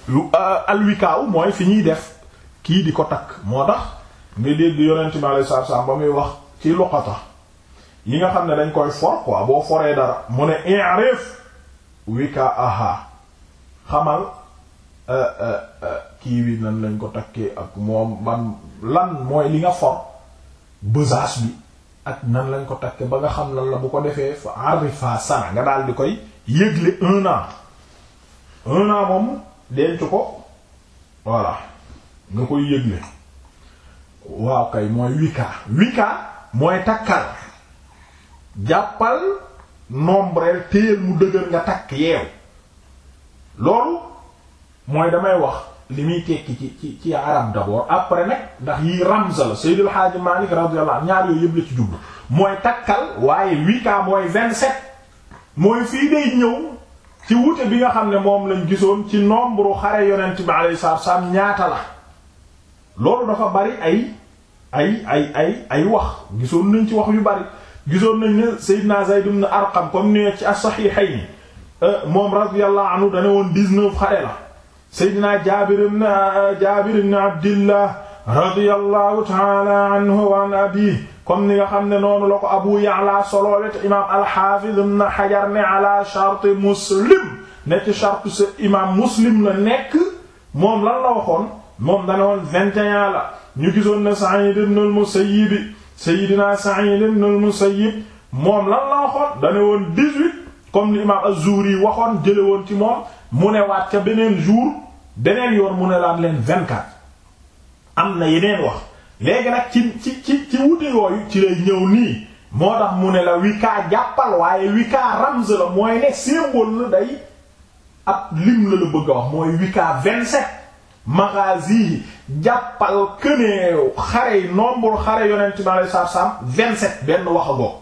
euh, al wikaaw mooy fi ñuy def kii di ko takk moo tax nga dégg yonent bi alayhi ba muy wax ci luqata yi nga xam ne dañ koy for quoi boo foree dara mu ne i'rif wika aha xamal euh, euh, kii wi nan lañ ko takkee ak moom ban lan mooy li nga for besace bi ak nan lañ ko takke ba nga xam lan la bu ko defee fa arifa sana nga daal di koy yëgle un an un an moom denc ko voilà nga koy yëgle waaw kay mooy wika wika mooy takkal jàppal nombreel téyel mu dëgër nga takk yeew loolu mooy damay wax li muy tekki ci ci ci arab d'abord après nag ndax yi ramza la Seydil Hadji Malick radiyallahu ñaar yooyu yëpp la ci jublu mooy takkal waaye huit cas mooy vingt-sept mooy fii day ñëw ci wute bi nga xam ne moom lañ gisoon ci nombre xare yonent bi alayhi salaatu ñaata la loolu dafa bari ay ay ay ay ay wax gisoon nañ ci wax yu bari gisoon nañ ne Seydina Zayd ibn Arqam comme ni ci as-Sahihayn euh, moom radiyallahu anhu dana woon dix xare la seydinaa jaabir ibn jaabir ibn abdillah radiyallahu taala anhu wa an abi comme ni nga xam ne noonu la ko abu ya'la soloole te imaam alxaafiz ibn xajar ne ala charte muslim ne ci charte sa imaam muslim la nekk moom lan la waxoon moom dana woon 21 la ñu gisoon na sa'id ibn al-musayyib seydinaa sa'id ibn al-musayyib moom lan la waxoon dana woon 18 comme ni imaam az-zuhri waxoon jële woon ci moom mu ne waat ca beneen jour beneen yoon mu ne laat leen vingt am na yeneen wax léegi nag ci ci ci ci yooyu ci lay ñëw nii moo tax mu ne la wikaa jàppal waaye wikaa ramz la mooy ne symbole la day ab lim la la bëgg a wax mooy wikaa vingt-sept magazi jàppal këneew xare yi nombre xare yonent bi alei satu salaam vingt-sept benn wax a ngoog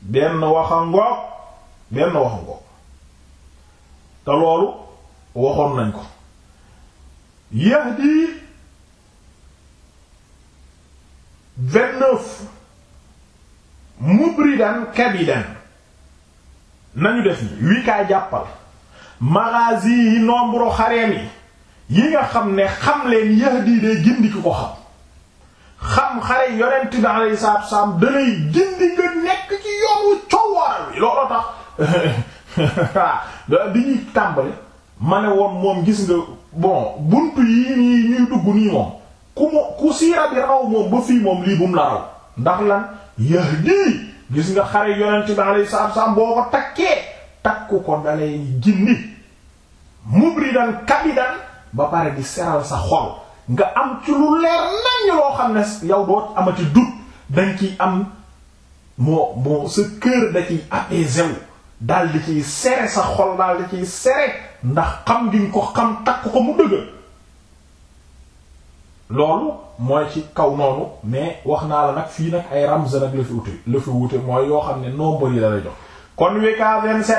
benn wax a benn wax a te loolu waxoon nañ ko yahdi vingt-neuf mubridan kabidan nañu def yi wii kaa jàppal magazi yi nombre xareem yi yi nga xam ne xam leen yahdi day gindi ki ko xam xam xare yonent bi alayhi salaatu wa salaam dalay gindi nga nekk ci yoonu cowwaar wi looloo tax waaw bi ñuy tàmbali ma ne woon moom gis nga bon buntu yii ñuy dugg nii moom ku mu ku siira bi raw moom ba fii moom lii bu mu ndax lan yahdi gis nga xare yonent bi alayhi salaatu salaam boo ko takkee takku ko dalay gindi mubridan kabidan ba pare di seral sa xol nga am ci lu leer nañu loo xam ne yow doo amati dut danga ci am moo moo sa kër da ci apaisé wu daal di ciy sere sax xol daal di ciy sere ndax xam giñ ko xam takk ko mu dëgër loolu mooy ci kaw noonu mais wax naa la nag fii nag ay ramz nag la fi wute la fi wute mooy yoo xam ne nombre yi la lay jox kon weka 27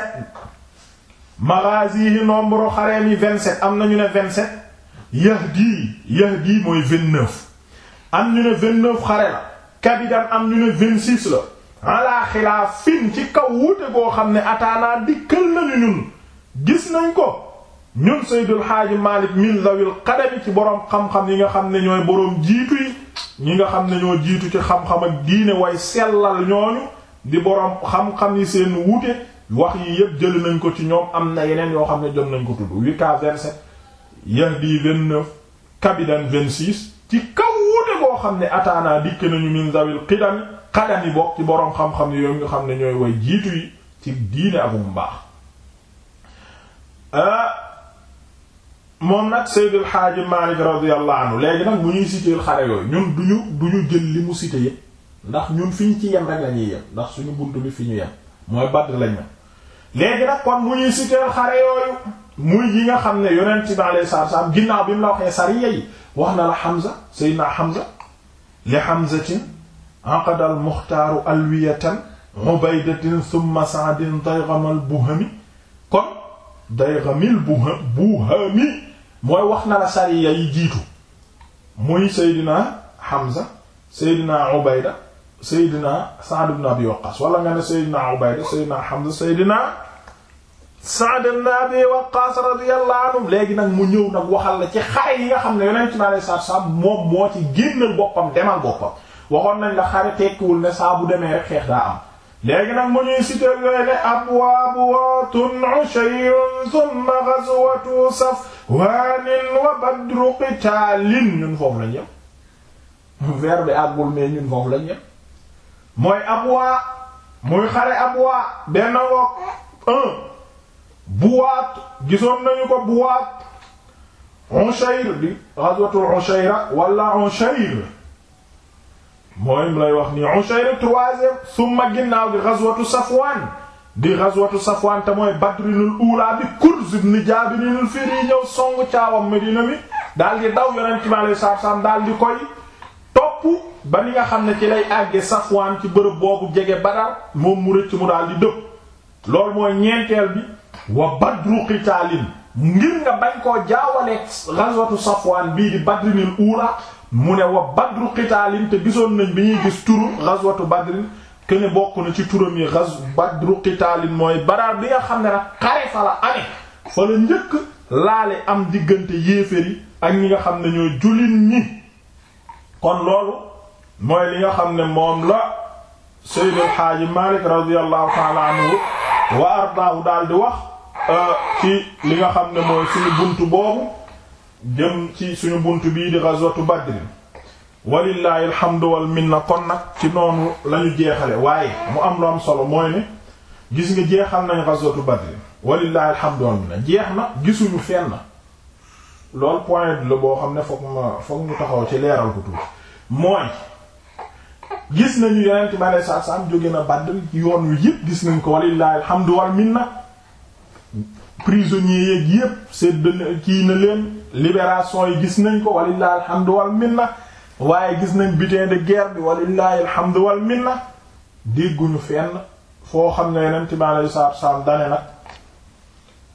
maghazi yi nombre xareem yi 27 am na ñu ne 27 yahdi yahdi mooy 29 am ñu ne 29 xare la kabidan am ñu ne 26 la ala xilaafin ci kaw wuute goo xam ne ataanaa dikkal nañu ñun gis nañ ko ñun Seydul Xaaji Maalik min zawil qadami ci boroom xam-xam yi nga xam ne ñooy boroom jiitu yi ñi nga xam ne ñoo jiitu ci xam-xam ak diine way sellal ñooñu di boroom xam-xam yi seen wuute wax yi yépp jëli nañ ko ci ñoom am na yeneen yoo xam ne jot nañ ko tudd 8K 27 Yahdi 29 Kabidan 26 ci kaw wuute goo xam ne ataanaa dikk nañu min zawil qadami xadam yi bokk ci boroom xam-xam yooyu nga xam ne ñooy way jiitu yi ci diine ak mu baax euh, moom nag Seydil Xaaji Maalik radiyallahu anhu léegi nag mu ñuy citer xare yooyu ñun du ñu du ñu jël li mu citer yépp ndax ñun fi ñu ci yem rek la yem ndax suñu bunt bi fi ñu yem mooy Badr lañ ma léegi nag kon mu ñuy citer xare yooyu muy yi nga xam ne yonent bi alayhi salaatu wasallam ginnaaw bi mu la waxee sariya yi wax na la Hamza Seydina Hamza li Hamzatin aqada al muxtaaru alwiyatan ubaydatin thumma sa'din daygamal buhami kon daygamil buha buhami mooy wax na la sariya yi jiitu muy seydina Hamza seydina ubayda seydina Sa'd ibn Abi Waqqas wala nga ne seydina ubayda seydina Hamza seydina Sa'd ibn Abi Waqqas radiyallahu anhu léegi nag mu ñëw nag waxal la ci xare yi nga xam ne yonent mi alayhi salaatu salaam moom moo ci génnal boppam demal boppam waxoon nañ la xare tekkiwul ne saa bu demee rek xeex daa am léegi nag mu ñuy cité yooyu ne abwaabu waatun ushayun thumma ghazwatu wa badru qitaalin ñun foofu lañ yem verbe bi àggul mais ñun foofu lañ yem mooy abwaa muy xare abwaa benn woog buwaat gisoon nañu ko buwaat ushayr di ghazwatul ushayra wala ushayr mooy lay wax ni Ushayr troisième summa ginnaaw gi ghazwatu Safwan di ghazwatu Safwan te mooy badrinul ula bi Kurz ibn Jaabir firi ñëw songu caawam Medina mi daal di daw yonent mi alayhi salaatu salaam daal di koy topp ba ni nga xam ne ci lay àggee Safwan ci bërëb boobu jege Badar moom mu rëcc mu daal di dëpp mooy ñeenteel bi wa badru qitaalin ngir nga bañ koo jaawaleeg ghazwatu Safwan bii di badrinul ula mu ne wa badru qitaalin te gisoon nañ bi ñuy gis turu ghazwatu badrin kene bokk na ci turam yi ghaz badru qitaalin mooy badar bi nga xam ne nag xare fa la amee fa la njëkk laale am diggante yéeféer yi ak ñi nga xam ne ñoo jullit ñi kon loolu mooy li nga xam ne moom la Seyd El Hadji Malick radiyallahu ta'ala anhu wa ardaahu daal di wax euh, ci li nga xam ne mooy suñu buntu boobu jëm ci suñu bunt bii di ghazwatu badrin walillahi alhamdu wal minna kon nag ci noonu lañu jeexale waaye mu am lu am solo mooy ne gis nga xam nañ ghazwatu badrin walillahi alhamdu wal minna jeex na gisuñu fenn lool point la boo xam ne foog ma foog ñu taxaw ci leeral ko tuuti mooy gis nañu yeneen ci ma ne saa saa jóge na Badr yoon wi yëpp gis nañ ko walillahi alhamdu wal minna prisonniers yeeg yépp sedd kii na leen libération yi gis nañ ko walillahi alhamdu wal minna waaye gis nañ butin de guerre bi walillahi alhamdu wal minna dégguñu fenn foo xam ne yonent bi alayhi salaatu salaam dane nag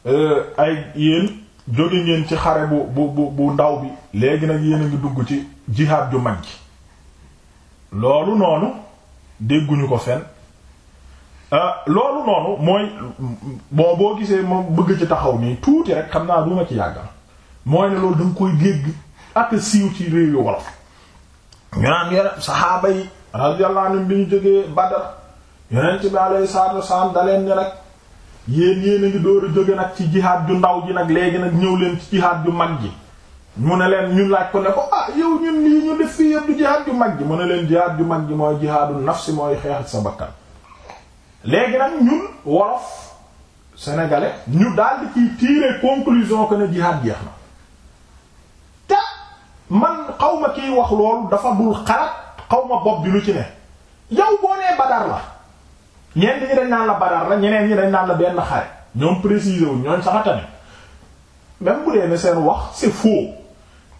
euh, ay yéen jóge ngeen ci xare bu bu bu ndaw bi léegi nag yéen a ngi dugg ci jihaad ju mag ji loolu noonu dégguñu ko fenn Euh, loolu noonu mooy bon gisee moom bëgg ci taxaw nii tuuti rek xam naa du ma ci yàggal mooy ne loolu da nga koy dégg ak siiw ci réew yu wolof ñu naan yeneen saxaaba yi radiyallahu anhum bi ñu jógee Badar yonent bi alayhi salaatu wasallam da ni nag yéen yéen a ngi door a jóge nag ci jihaad ju ndaw ji nag léegi nag ñëw leen ci jihaad ju mag ji mu ne leen ñun laaj ko ne ko ah yow ñun lii ñu def fii yëpp du ju mag ji mu ne leen jihaad ju mag ji mooy jihaadu nafsi mooy xeex sa bakkan léegi nag ñun wolof sénégalais ñu daal di ciy tirer conclusion que ne jihaad jeex na te man xaw ma kiy wax loolu dafa dul xalaat xaw ma bopp bi lu ci ne yow boo nee badar la ñenn naan la badar la ñeneen ñi dañ naan la benn xare ñoom préciser wuñ ñooñ sax tamit même bu dee ne seen wax c'est faux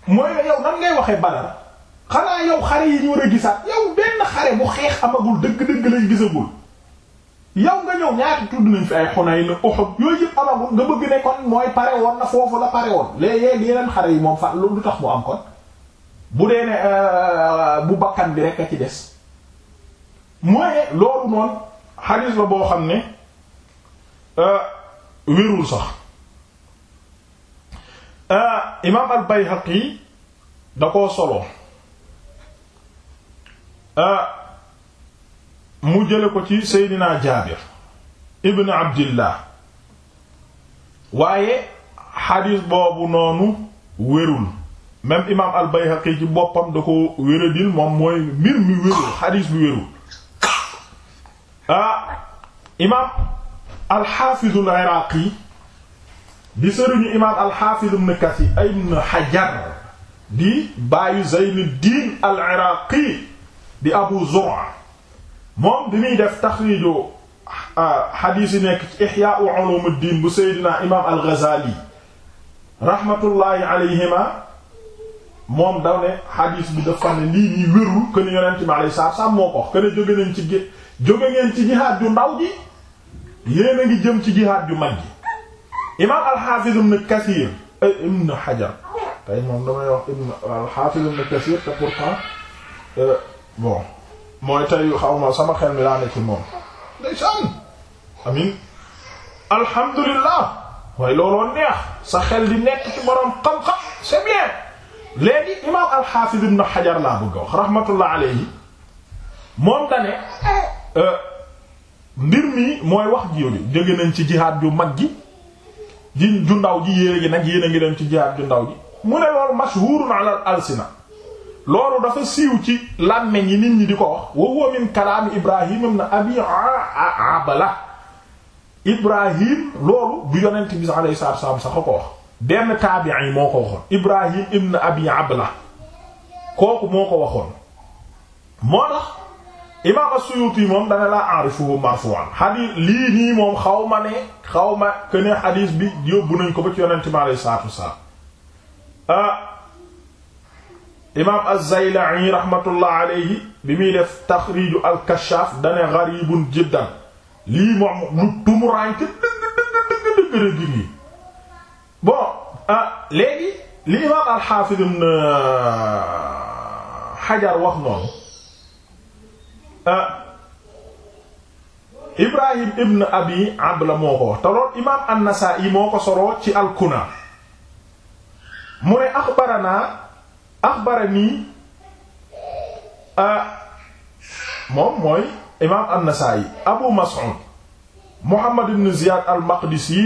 mooy ne yow nan ngay waxee badar xanaa yow xare yi ñu war a gisaat yow benn xare bu xeex amagul dëgg-dëgg lañ gisagul. yow nga ñëw ñaata tudd nañ fi ay Hunayn Uhud yooyu yëpp amagul nga bëgg ne kon mooy pare woon na foofu la pare woon léeg-léeg yeneen xare yi moom fa lu tax mu am kon bu dee ne euh, bu bakkan bi rek a ci des mooy ne loolu noonu xadiis la boo xam ne euh, wérul sax euh, imaam al-Bayhaqi da koo solo. mu jële ko ci seydina jaabir ibn abdillah waaye xadiis boobu noonu wérul même imaam al ci boppam da ko wéradil moom mooy mbir mi wérul xadiis bi wérul ah imaam al iraaqi di sëriñu imaam al xaafiz kasi ibn xajar di bàyyi zeynu diin al iraaqi di abu zur'a moom bi muy def taxriiju ah, ah, xadiis yi nekk ci Ihya Ulumuddin bu Seydina imaam al-Ghazali rahmatullahi alayhima moom daw ne xadiis bi dafa ne lii nii wérul que ni yonent bi alayhi salaatu salaam moo ko wax que ne jóge nañ ci gi jóge ngeen ci jihaad ju ndaw ji yéen a ngi jëm ci jihaad ju mag ji imaam al-Hafiz ibn Kathir eh, ibn Hajar tey moom damay wax ibn al-Hafiz ibn Kathir te pourtant euh, bon. mooy tey xaw ma sama xel mi laa ne ci moom ndeysaan amin alhamdulillah waaye looloo neex sa xel di nekk ci borom xam-xam c'est bien léegi imaam al-Hafiz ibn Hajar laa bëgg a wax rahmatullah alayhi moom dane eh, euh, mbir mi mooy wax ji yooyu jóge nañ ci jihaad ju mag gi ji ju ndaw ji yéegi nag yéen a ngi ci jihaad ju ndaw gi mu ne loolu mashhurun ala al-alsina loolu dafa siiw ci làmmeñ yi nit ñi di ko wax wa huwa min na ibrahim ibn abi abala ibrahim loolu du yonent bi alayhi salaatu wasallam sax a ko wax benn taabi'i moo ko waxoon ibrahim ibn abi abla kooku moo ko waxoon moo tax imaam as-Suyuti moom dana laa a'rifuhu marfu'an xadiis lii nii moom xaw ma ne xaw ma ne xadiis bi yóbbu nañ ko ba ci yonent bi alayhi salaatu wasallam euh, imaam az-Zaylai rahmatullah alayhi bi muy def taxriiju al-Kashaaf dane gariibun jiddan lii moom lu tumuraanke dëgg dëgg dëgg dëgg lii bon ah léegi li imaam al-Haafiz ibn euh, Hajar wax noonu ah Ibrahim ibn Abi Abla moo ko wax te loolu imaam an-Nasaa'i moo ko soroo ci al-Kunaa mu ne axbaranaa axbarani ah, moom mooy imaam an-Nasaa'i Abu Mas'ud Muhammad ibn Ziyad al-Maqdisi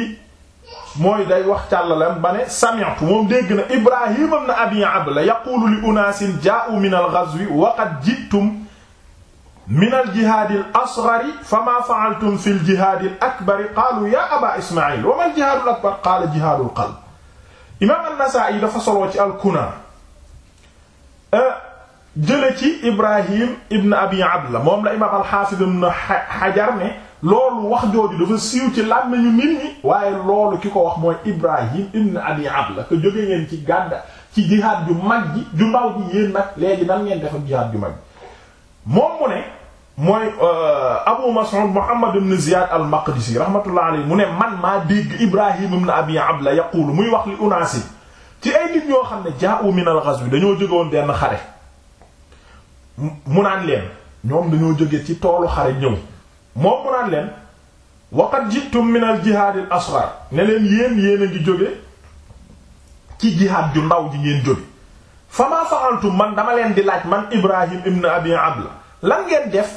mooy day wax càllalam ba ne sami'tu moom dégg na Ibrahim ibn Abi Abla yaqulu li unaasin jaa'u min al-ghazwi wa qad ji'tum min al-jihaadi al-asghari famaa fa'altum fi al-jihaadi al-akbari qaalu yaa Abaa Ismaa'iil wa mal jihaadu al-akbar qaala jihaadu al-qalb imaam an-Nasaa'i dafa soloo ci al-Kunaa Euh, jële ci Ibrahim ibn Abi Abla moom la imaam al-Hafiz ibn Hajar ne loolu wax jooju dafa siiw ci làmmiñu nit waaye loolu ki ko wax mooy Ibrahim ibn Abi Abla te jóge yen ci gàdda ci jihaad ju mag ji ju ndaw ji yéen nag léegi nan ngeen def ak jihaad ju mag ji moom mu ne mooy euh, Abu Mas'ud Muhammad ibn Ziyad al-Maqdisi rahmatullah alayhi mu ne man maa muy wax li unaasi ci ay nit ñoo xam ne jaa'u min al bi dañoo jóge woon benn xare mu leen ñoom dañoo jóge ci toolu xare ñëw moom mu leen waqad ji'tum min al-jihaad al-asghar ne leen yéen yéen jóge ci jihaad ju ndaw ji ngeen jóge fa maa man dama leen di laaj man Ibrahim ibn Abi Abla lan ngeen def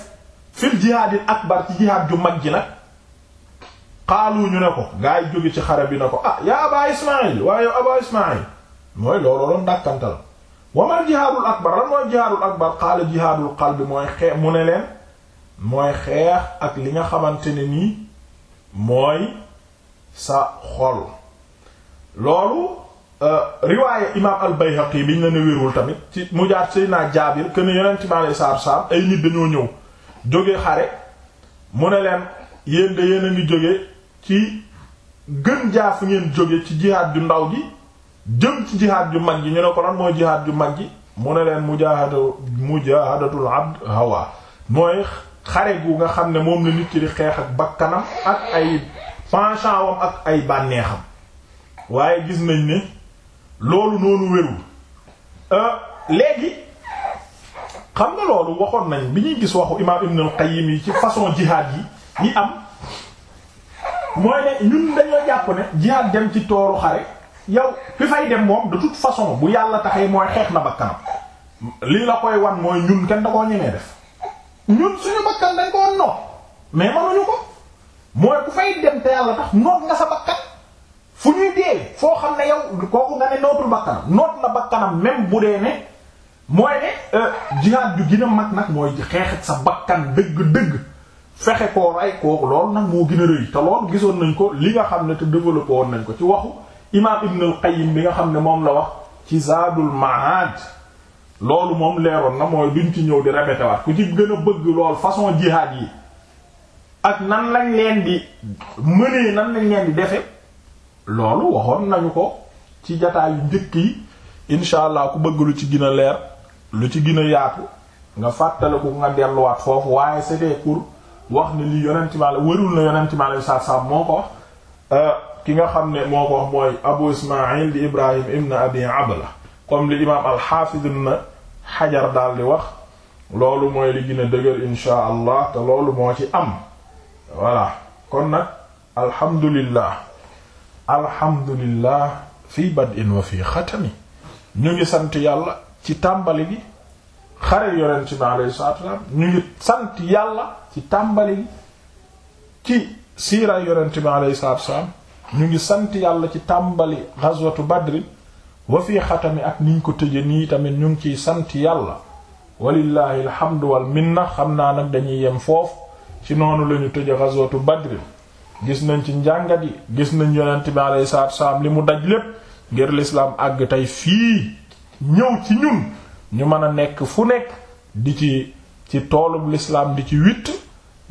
fil jihaad al-akbar ci jihaad ju mag ji nag xaalu ñu ne ko gaa yi jóge ci xare bi na ko ah yaa aba ismail waaye aba ismail mooy looloo doon dàkkantal wamal jihaadul akbar lan mooy jihaadul akbar xaala jihaadul qalbi mooy xeex mu ne leen mooy xeex ak li nga xamante ne nii mooy sa xol loolu euh, riwaaye imaam al bayhaqi biñ la ne wérul tamit ci mu jaar Seydina Jaabir que ne yonent mi alayhi salaatu salaam ay nit dañoo ñëw jóge xare mu ne leen yéen de yéen a jóge ci gën jaa fu ngeen jóge ci jihaad ju ndaw ji jëm ci jihaad ju mag yi ñu ne ko lan mooy jihaad ju mag ji mu ne leen mujaahadatu mujaahadatul abd hawa mooy xare gu nga xam ne moom la nit ki di xeex ak bakkanam ak ay penchant ak ay bànneexam waaye gis nañ ne loolu noonu wérul euh, léegi xam nga loolu waxoon nañ bi ñuy gis waxu imaam Ibn al-Qayyim yi ci façon jihaad yi yi am mooy ne ñun dañoo jàpp ne jihaad dem ci tooru xare yow fi fay dem moom de toute façon bu yàlla taxee mooy xeex na bakkanam lii la koy wan mooy ñun kenn da koo ñemee def ñun suñu bakkan dañ ko wan noot mais mënuñu ko mooy bu fay dem te yàlla tax noot nga sa bakkan fu ñuy dee foo xam ne yow kooku nga ne nootul bakkanam noot na bakkanam même bu dee ne mooy ne euh, jihaad ju gën a mag nag mooy xeex sa bakkan dëgg-dëgg fexe koo ray kooku loolu nag moo gën rëy te loolu gisoon nañ ko li nga xam ne te développé woon nañ ko ci waxu imaam Ibn al-Qayyim bi nga xam ne moom la wax ci Zaadul Ma'aad loolu moom leeroon na mooy duñ ci ñëw di répété waat ku ci gën a bëgg lool façon jihaad yi ak nan lañ leen di mënee nan lañ leen di defe loolu waxoon nañu ko ci jataayu njëkk yi incha allah ku bëgg lu ci gin a leer lu ci gën a yaatu nga fàttaliku nga delluwaat foofu waaye c'était pour wax ne lii yonent mi la wërul na yonent mi la saab saab moo ko wax euh, ki nga xam ne moo ko wax mooy abu ismail di ibrahim ibn abi abla comme li imaam alxaafiz ibn xajar daal di wax loolu mooy li a dëgër inshaa allah te loolu moo ci am voilà kon na alhamdulillah alhamdulillah fii bad'in wa fii xatami ñu ngi sant yàlla ci tàmbali gi xare yonent bi alayhi salaatu sant yàlla ci tàmbali ci siira yonent bi alayhi ñu ngi sant yàlla ci tàmbali ghazwatu badrin wa fii xatami ak niñ ko tëje nii tamit ñu ngi ciy sant yàlla walillahi alhamdu wal minna xam naa nag dañuy yem foofu ci noonu lañu tëje ghazwatu badrin gis nañ ci njàngat yi gis nañ yonent bi alayhi salaatu salaam li mu daj lépp ngir lislaam àgg tey fii ñëw ci ñun ñu mën a nekk fu nekk di ci ci toolub lislaam di ci witt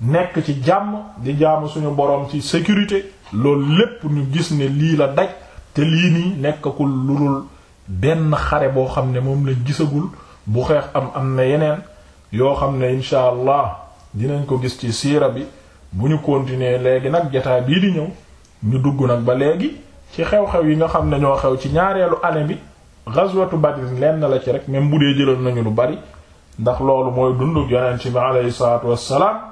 nekk ci jàmm di jàmm suñu borom ci sécurité loolu lépp ñu gis ne lii la daj te lii nii nekkakul lu dul benn xare boo xam ne moom lañ gisagul bu xeex am am na yeneen yoo xam ne incha allah dinañ ko gis ci siira bi bu ñu continuer léegi nag jataay bii di ñëw ñu dugg nag ba léegi ci xew-xew yi nga xam ne ñoo xew ci ñaareelu année bi ghazwatu Badr lenn la ci rek même bu dee jëlal nañu lu bari ndax loolu mooy dundug yonent bi alayhi salaatu wassalaam